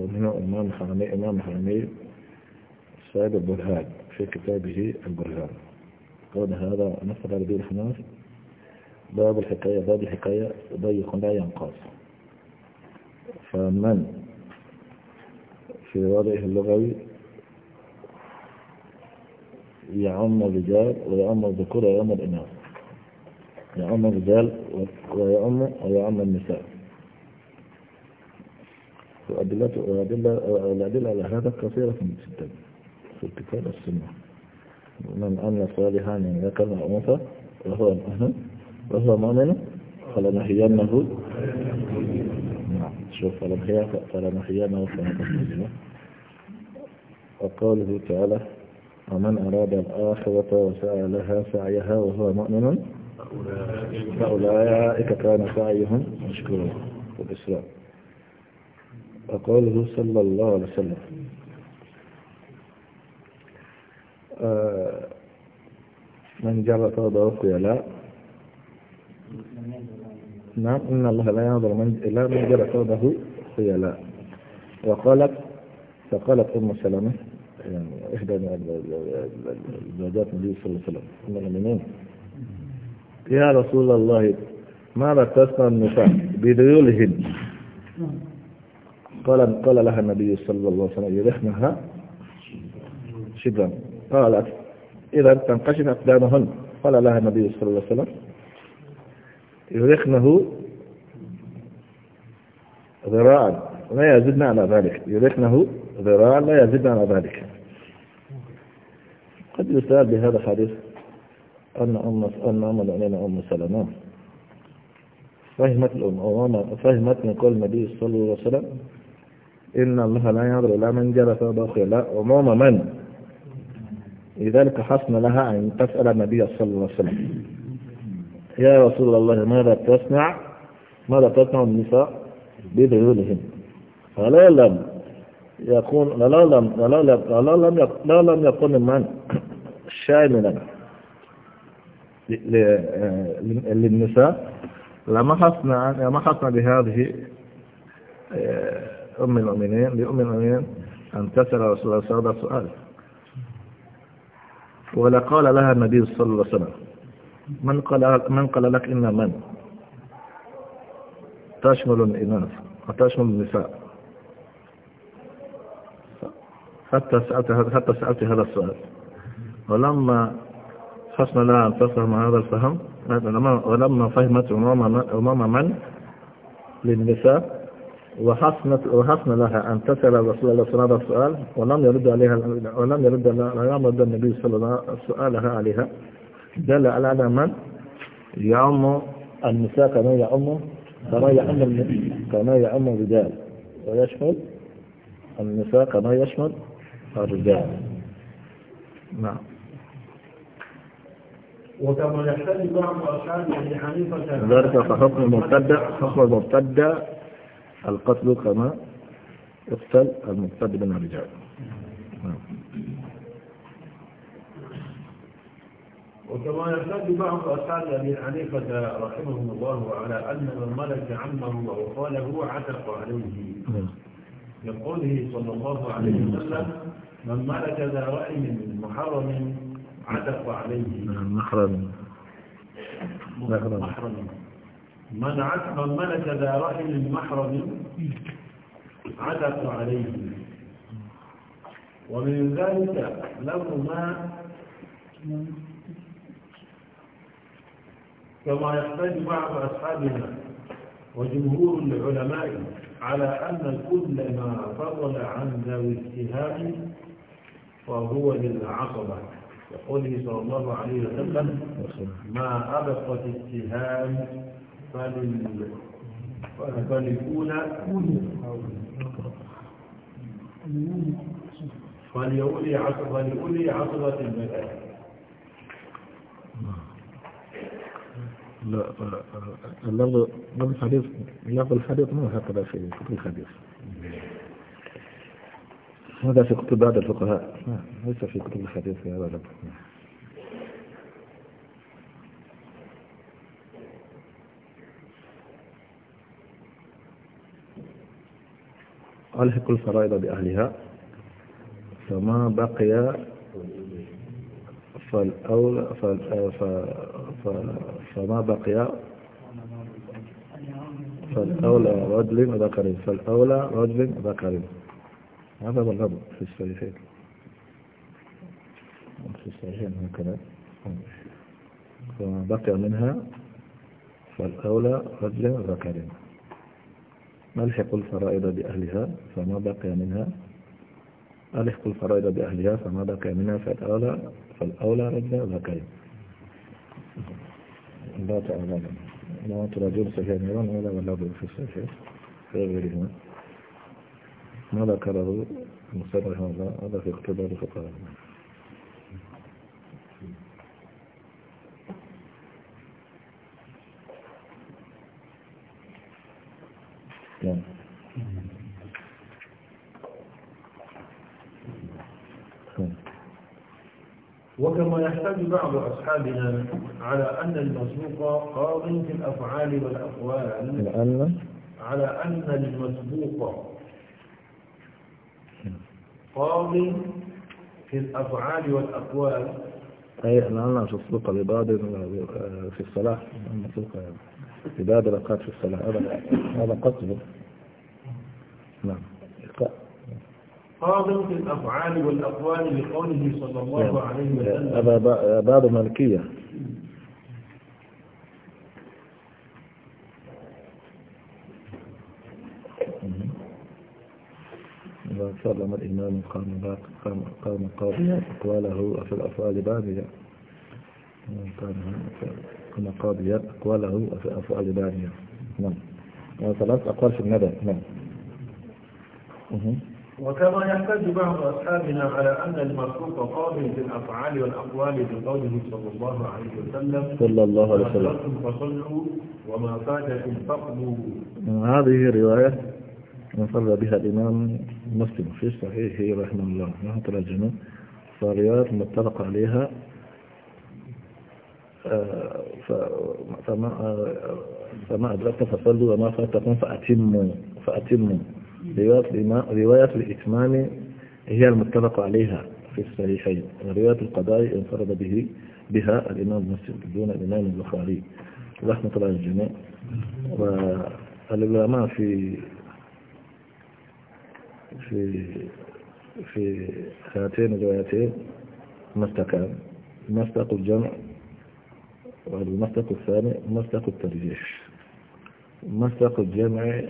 ومنه آه، إمام الحرمي إمام الحرمي سعيد البرهان في كتابه البرهان قال هذا مثل به الحناف باب الحكاية باب الحكاية ضيق لا ينقص فمن في وضعه اللغوي يعم الرجال ويعم الذكور ويعم الإناث يعم الرجال ويعم ويعم النساء وأدلة وأدلة الأدلة على هذا كثيرة جدا في الكتاب السنة من أن صالحا من ذكر أنثى وهو مؤمن وهو مؤمن فلنحيينه نعم شوف فلنحيينه فلنحيينه وقوله تعالى ومن أراد الآخرة وسعى لها سعيها وهو مؤمن فأولئك كان سعيهم مشكورا في الإسلام وقوله صلى الله عليه وسلم آه، من من جر ثوبه لا نعم إن الله لا ينظر من إلا من جرى ثوبه خيلاء وقالت فقالت أم سلمة يعني إحدى الزوجات النبي صلى الله عليه وسلم أم المؤمنين يا رسول الله ما تصنع النساء بذيولهن قال قال لها النبي صلى الله عليه وسلم يرحمها شبرا قالت إذا تنقشن أقدامهن قال لها النبي صلى الله عليه وسلم يرحمه ذراعا لا يزدنا على ذلك يرحمه ذراعا لا يزدنا على ذلك قد يستدل بهذا الحديث أن أم أن أم علينا أم سلمة فهمت أم فهمت من قول النبي صلى الله عليه وسلم إن الله لا يضر إلا من جلس داخل لا أمام من لذلك حسن لها أن تسأل النبي صلى الله عليه وسلم يا رسول الله ماذا تصنع ماذا تصنع النساء بذيولهن فلا لم يكون لا لم لا لم لا لم يكون من شاملا آه، للنساء لمحصنا لمحصنا بهذه آه، أم المؤمنين لأم المؤمنين أن تسأل رسول الله صلى الله عليه وسلم ولقال لها النبي صلى الله عليه وسلم من قال من قال لك إن من تشمل الإناث وتشمل النساء حتى سألت حتى سألت هذا السؤال ولما خصنا لا تفهم هذا الفهم ولما فهمت أمام من للنساء وحسنت وحسن لها أن تسأل رسول الله صلى الله عليه وسلم السؤال ولم يرد عليها ولم يرد ولم يرد النبي صلى الله عليه وسلم سؤالها عليها دل على من يعم النساء كما يعم كما يعم كما يعم الرجال ويشمل النساء كما يشمل الرجال نعم وكما يحتج بعض أصحاب أبي حنيفة ذلك فحكم المبتدع حكم المبتدع القتل كما يقتل المبتدع من الرجال نعم. وكما يحتج بعض أصحاب أبي حنيفة رحمهم الله على أن من ملك عمه وقاله عتق عليه نعم. لقوله صلى الله عليه وسلم من ملك ذا من محرم عتق عليه محرم نعم، محرم من عتق من ملك ذا رحم محرم عتق عليه ومن ذلك له ما كما يحتاج بعض أصحابنا وجمهور العلماء على أن كل ما فضل عن ذوي الاتهام فهو للعقبة يقوله صلى الله عليه وسلم ما أبقت السهام فلل فللأولى فليولي عصبة فليولي عصبة البدن لا لا الحديث لا الحديث ما هكذا في الحديث هذا في كتب بعض الفقهاء نعم، ليس في كتب الحديث في هذا ألحق نعم. الفرائض بأهلها فما بقي فالأولى فما بقي فالأولى رجل ذكر فالأولى رجل ذكر هذا هو في الصحيحين في الصحيحين هكذا فبقي منها فالأولى رجل ذكر نلحق الفرائض بأهلها فما بقي منها ألحق الفرائض بأهلها فما بقي منها فالأولى فالأولى رجل ذكر لا تعلم لا تراجعون صحيحين ولا ولا في الصحيحين غير غيرهما ما ذكره المصنف رحمه الله هذا في اقتضاء الفقهاء نعم. نعم. وكما يحتاج بعض أصحابنا على أن المسبوق قاض في الأفعال والأقوال على أن المسبوق الصاغي في الأفعال والأقوال أي أننا نسلق لبادر آه، في الصلاة نسلق لبادر الأقات في الصلاة هذا هذا قصده نعم قاض في الأفعال والأقوال لقوله صلى الله نعم. عليه وسلم هذا باب مالكية سلم الإمام قام قام قام قاضيا أقواله في الأفعال بانية قام قاضيا أقواله في الأفعال بانية نعم يعني ثلاث أقوال في الندى نعم وكما يحتج بعض أصحابنا على أن المخلوق قابل بالأفعال والأقوال بقوله صلى الله عليه وسلم صلى الله عليه وسلم فصلوا وما فاتكم فقدوا هذه رواية نصلى بها الإمام مسلم في صحيح هي رحمه الله رحمه ترجمة الجميع متفق عليها آه، فما آه، فما أدركت فصلوا وما فاتكم فأتموا فأتموا رواية الإتمام هي المتفق عليها في الصحيحين رواية القضاء انفرد به بها الإمام مسلم دون الإمام البخاري رحمة الله الجميع والعلماء في في في هاتين الروايتين مستقان مستق الجمع والمستق الثاني مستق الترجيح مستق الجمع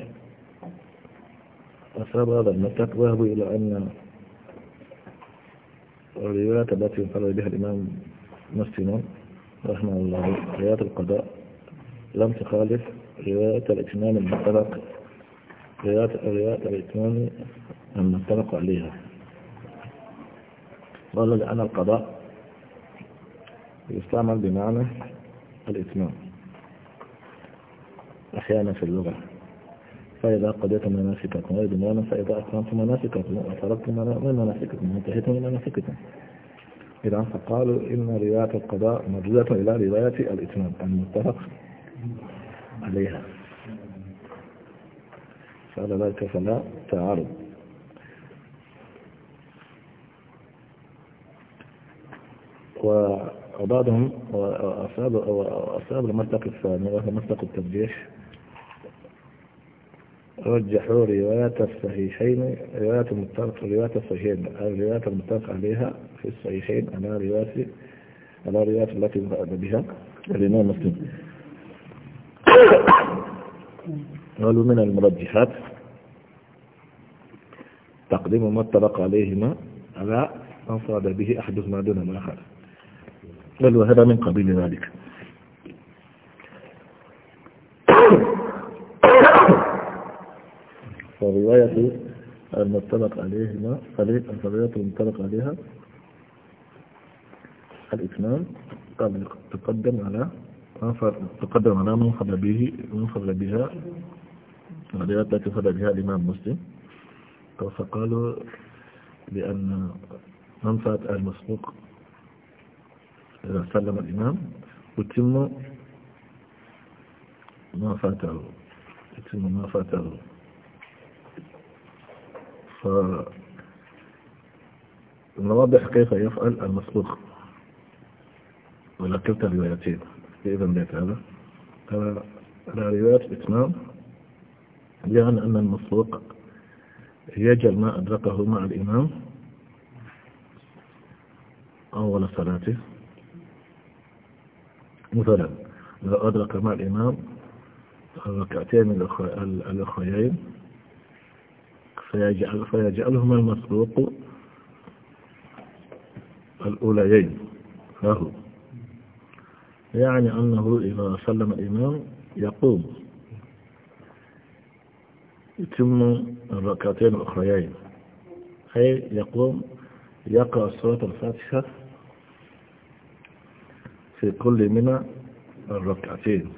أصاب هذا المستق ذهبوا إلى أن الروايات التي انفرد بها الإمام مسلم رحمه الله روايات القضاء لم تخالف رواية الإتمام المطلق رواية الإتمام لما اتفقوا عليها قالوا لأن القضاء يستعمل بمعنى الإتمام أحيانا في اللغة فإذا قضيتم مناسككم أي بمعنى فإذا أتممتم مناسككم وتركتم من مناسككم وانتهيتم من مناسككم إذا فقالوا إن رواية القضاء مجزة إلى رواية الإتمام المتفق عليها فعلى ذلك فلا تعارض وبعضهم أصاب وأصاب الملتقى الثاني وهو ملتقى الترجيح رجحوا روايات الصحيحين روايات المتفق روايات الصحيحين الروايات المتفق عليها في الصحيحين على رواية على رواية التي ذهب بها الإمام مسلم قالوا من المرجحات تقديم ما اتفق عليهما على أنفرد به أحدهما دون الآخر بل وهذا من قبيل ذلك فالرواية المتفق عليهما الرواية المتفق عليها الإثنان قد تقدم على تقدم على من فضل به من فضل بها الرواية التي فضل بها الإمام مسلم فقالوا بأن منفعة المسبوق إذا سلم الإمام وتم ما فاته يتم ما فاته ف الواضح كيف يفعل المسبوق ولكلتا روايتين الروايتين إذا بيت هذا ترى رواية الإتمام يعني أن المسبوق يجعل ما أدركه مع الإمام أول صلاته مثلا إذا أدرك مع الإمام ركعتين من الأخيين فيجعل فيجعلهما المسبوق الأوليين له يعني أنه إذا سلم الإمام يقوم يتم الركعتين الأخريين أي يقوم يقرأ سورة الفاتحة في كل من الركعتين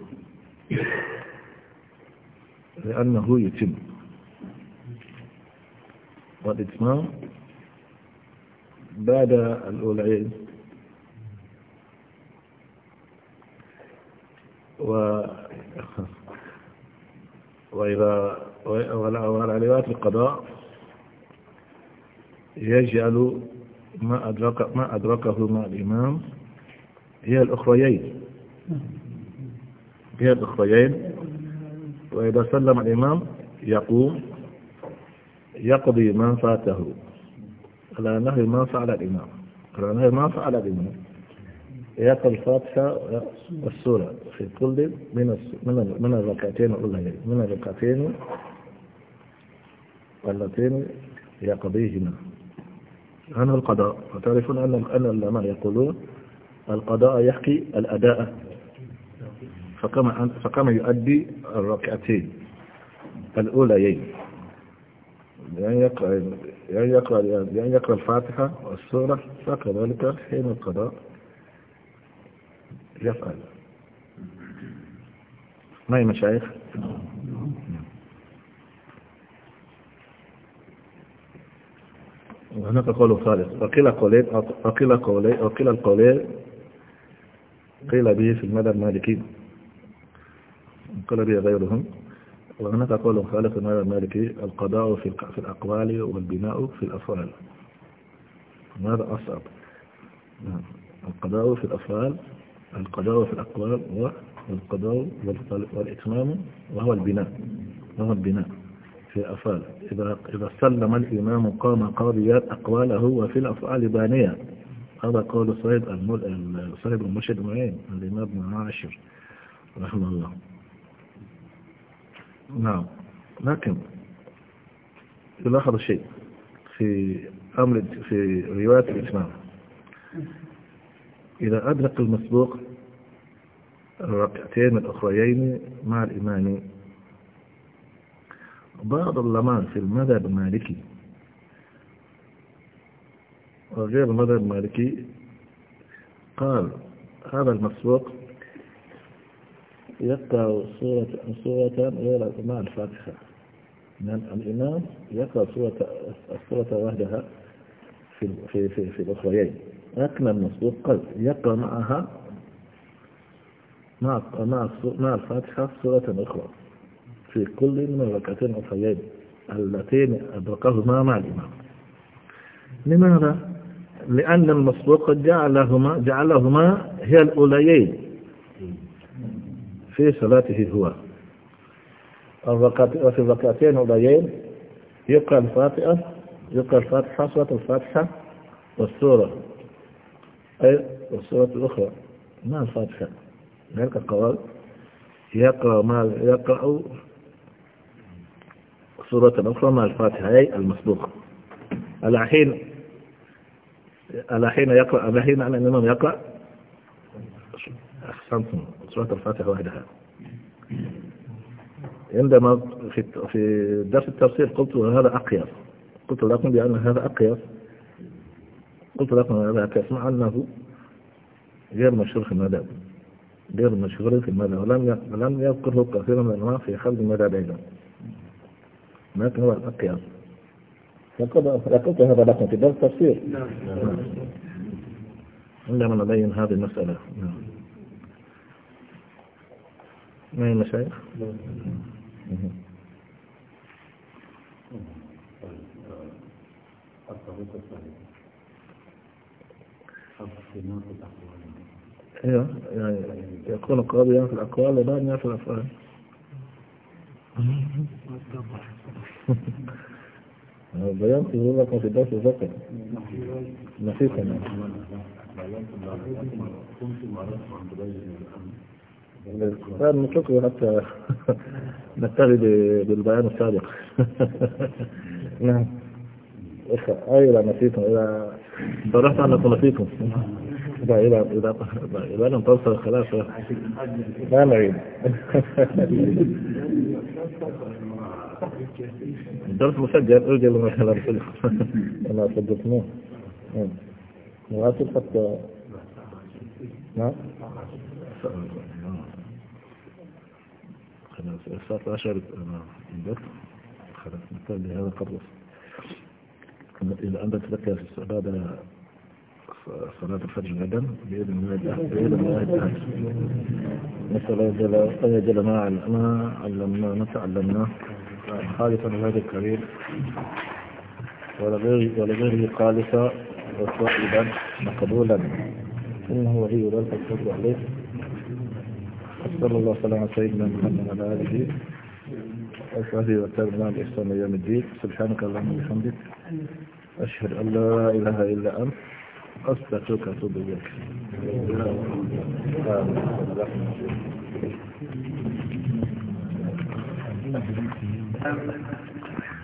لأنه يتم والإتمام بعد الأولعين و وإذا والعليات القضاء يجعل ما أدرك ما أدركه مع الإمام هي الأخريين هي الأخريين وإذا سلم الإمام يقوم يقضي ما فاته على أنه ما فعل الإمام على أنه ما فعل الإمام يقرأ الفاتحة والسورة في كل من من من الركعتين الأولين من الركعتين اللتين يقضيهما عنه القضاء وتعرفون أن أن العلماء يقولون القضاء يحكي الأداء فكما, فكما يؤدي الركعتين الأوليين يعني يقرأ, لأن يعني يقرأ, يعني يقرأ الفاتحة والسورة فكذلك حين القضاء يفعل ما هي مشايخ؟ هناك قول ثالث وكلا قولين وكلا قولين وكلا القولين قيل به في المذهب المالكي قيل به غيرهم وهناك قول خالف المذهب المالكي القضاء في في الأقوال والبناء في الأفعال ماذا أصعب نعم. القضاء في الأفعال القضاء في الأقوال والقضاء والإتمام وهو البناء وهو البناء في الأفعال إذا إذا سلم الإمام قام قاضيات أقواله وفي الأفعال بانية هذا قول صيد صيد المرشد معين الإمام ابن عاشر رحمه الله نعم لكن يلاحظ شيء في أمر في رواية الإسلام إذا أدرك المسبوق الركعتين الأخريين مع الإمام بعض العلماء في المذهب المالكي وغير المذهب المالكي قال هذا المسبوق يقرأ سورة صورة غير مع الفاتحة من الإمام يقرأ سورة الصورة وحدها في في في, في الأخريين لكن المسبوق قد يقرأ معها مع مع مع الفاتحة سورة أخرى في كل من الركعتين الأخريين اللتين أدركهما مع الإمام لماذا؟ لأن المسبوق جعلهما جعلهما هي الأوليين في صلاته هو وفي الركعتين الأوليين يقرأ الفاتحة يقرأ الفاتحة سورة الفاتحة والسورة أي والسورة الأخرى ما الفاتحة ذلك القول يقرأ ما يقرأ سورة أخرى مع الفاتحة أي المسبوق على حين على حين يقرأ على حين على الإمام يقرأ أحسنتم سورة الفاتحة وحدها عندما في في درس التفسير قلت هذا أقيس قلت لكم بأن هذا أقيس قلت لكم هذا أقيس مع أنه غير مشهور في المذهب غير مشهور في المذهب ولم لم يذكره كثير من العلماء في خلق المذهب أيضا لكن هو الأقيس لقد هذا لكم في درس تفسير عندما نعم. نبين هذه المسألة ما نعم. هي المشايخ؟ ايوه يعني يكون قاضيا في الاقوال وبعدين في الافعال *laughs* بيان في ظهور كان في الدرس ذكر نفيسا نتركه حتى نكتفي بالبيان السابق *laughs* نعم ايوه لا نسيتم إذا صرحت أنكم نسيتم لا إذا إذا إذا لم توصل الخلافة لا نعيد الدرس مسجل ارجع لما مثلا انا صدقناه إيه. مواصل حتى نعم خلاص الساعة أنا الدرس خلاص نتكلم هذا قبل إذا عندك تذكر بعد صلاة الفجر غدا بإذن الله بإذن الله تعالى نسأل الله جل أن يجعلنا ما علمنا علمنا ما تعلمناه خالصا لهذا الكريم ولغيره ولغيره خالصا وصائبا مقبولا إنه ولي ذلك الفضل عليه صلى الله وسلم على سيدنا محمد وعلى آله وصحبه وسلم إحسان أيام الدين سبحانك اللهم وبحمدك أشهد أن لا إله إلا أنت قصتك وأتوب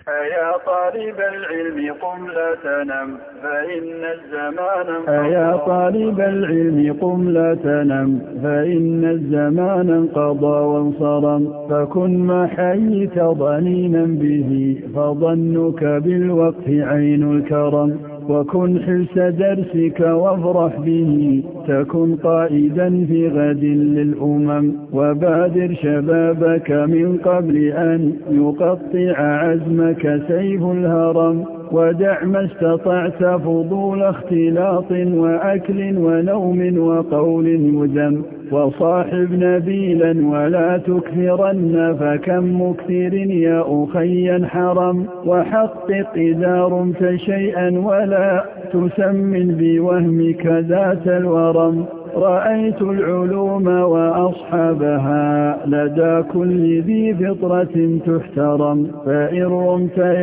أيا طالب العلم قم لا تنم فإن الزمان أيا طالب العلم قم لا تنم فإن الزمان انقضى وانصرم فكن ما حييت ظنينا به فظنك بالوقت عين الكرم وكن حلس درسك وافرح به تكن قائدا في غد للأمم وبادر شبابك من قبل أن يقطع عزمك سيف الهرم ودع ما استطعت فضول اختلاط وأكل ونوم وقول مذم وصاحب نبيلا ولا تكثرن فكم مكثر يا أخي حرم وحقق إذا رمت شيئا ولا تسمن بوهمك ذات الورم رأيت العلوم وأصحابها لدى كل ذي فطرة تحترم فإن رمت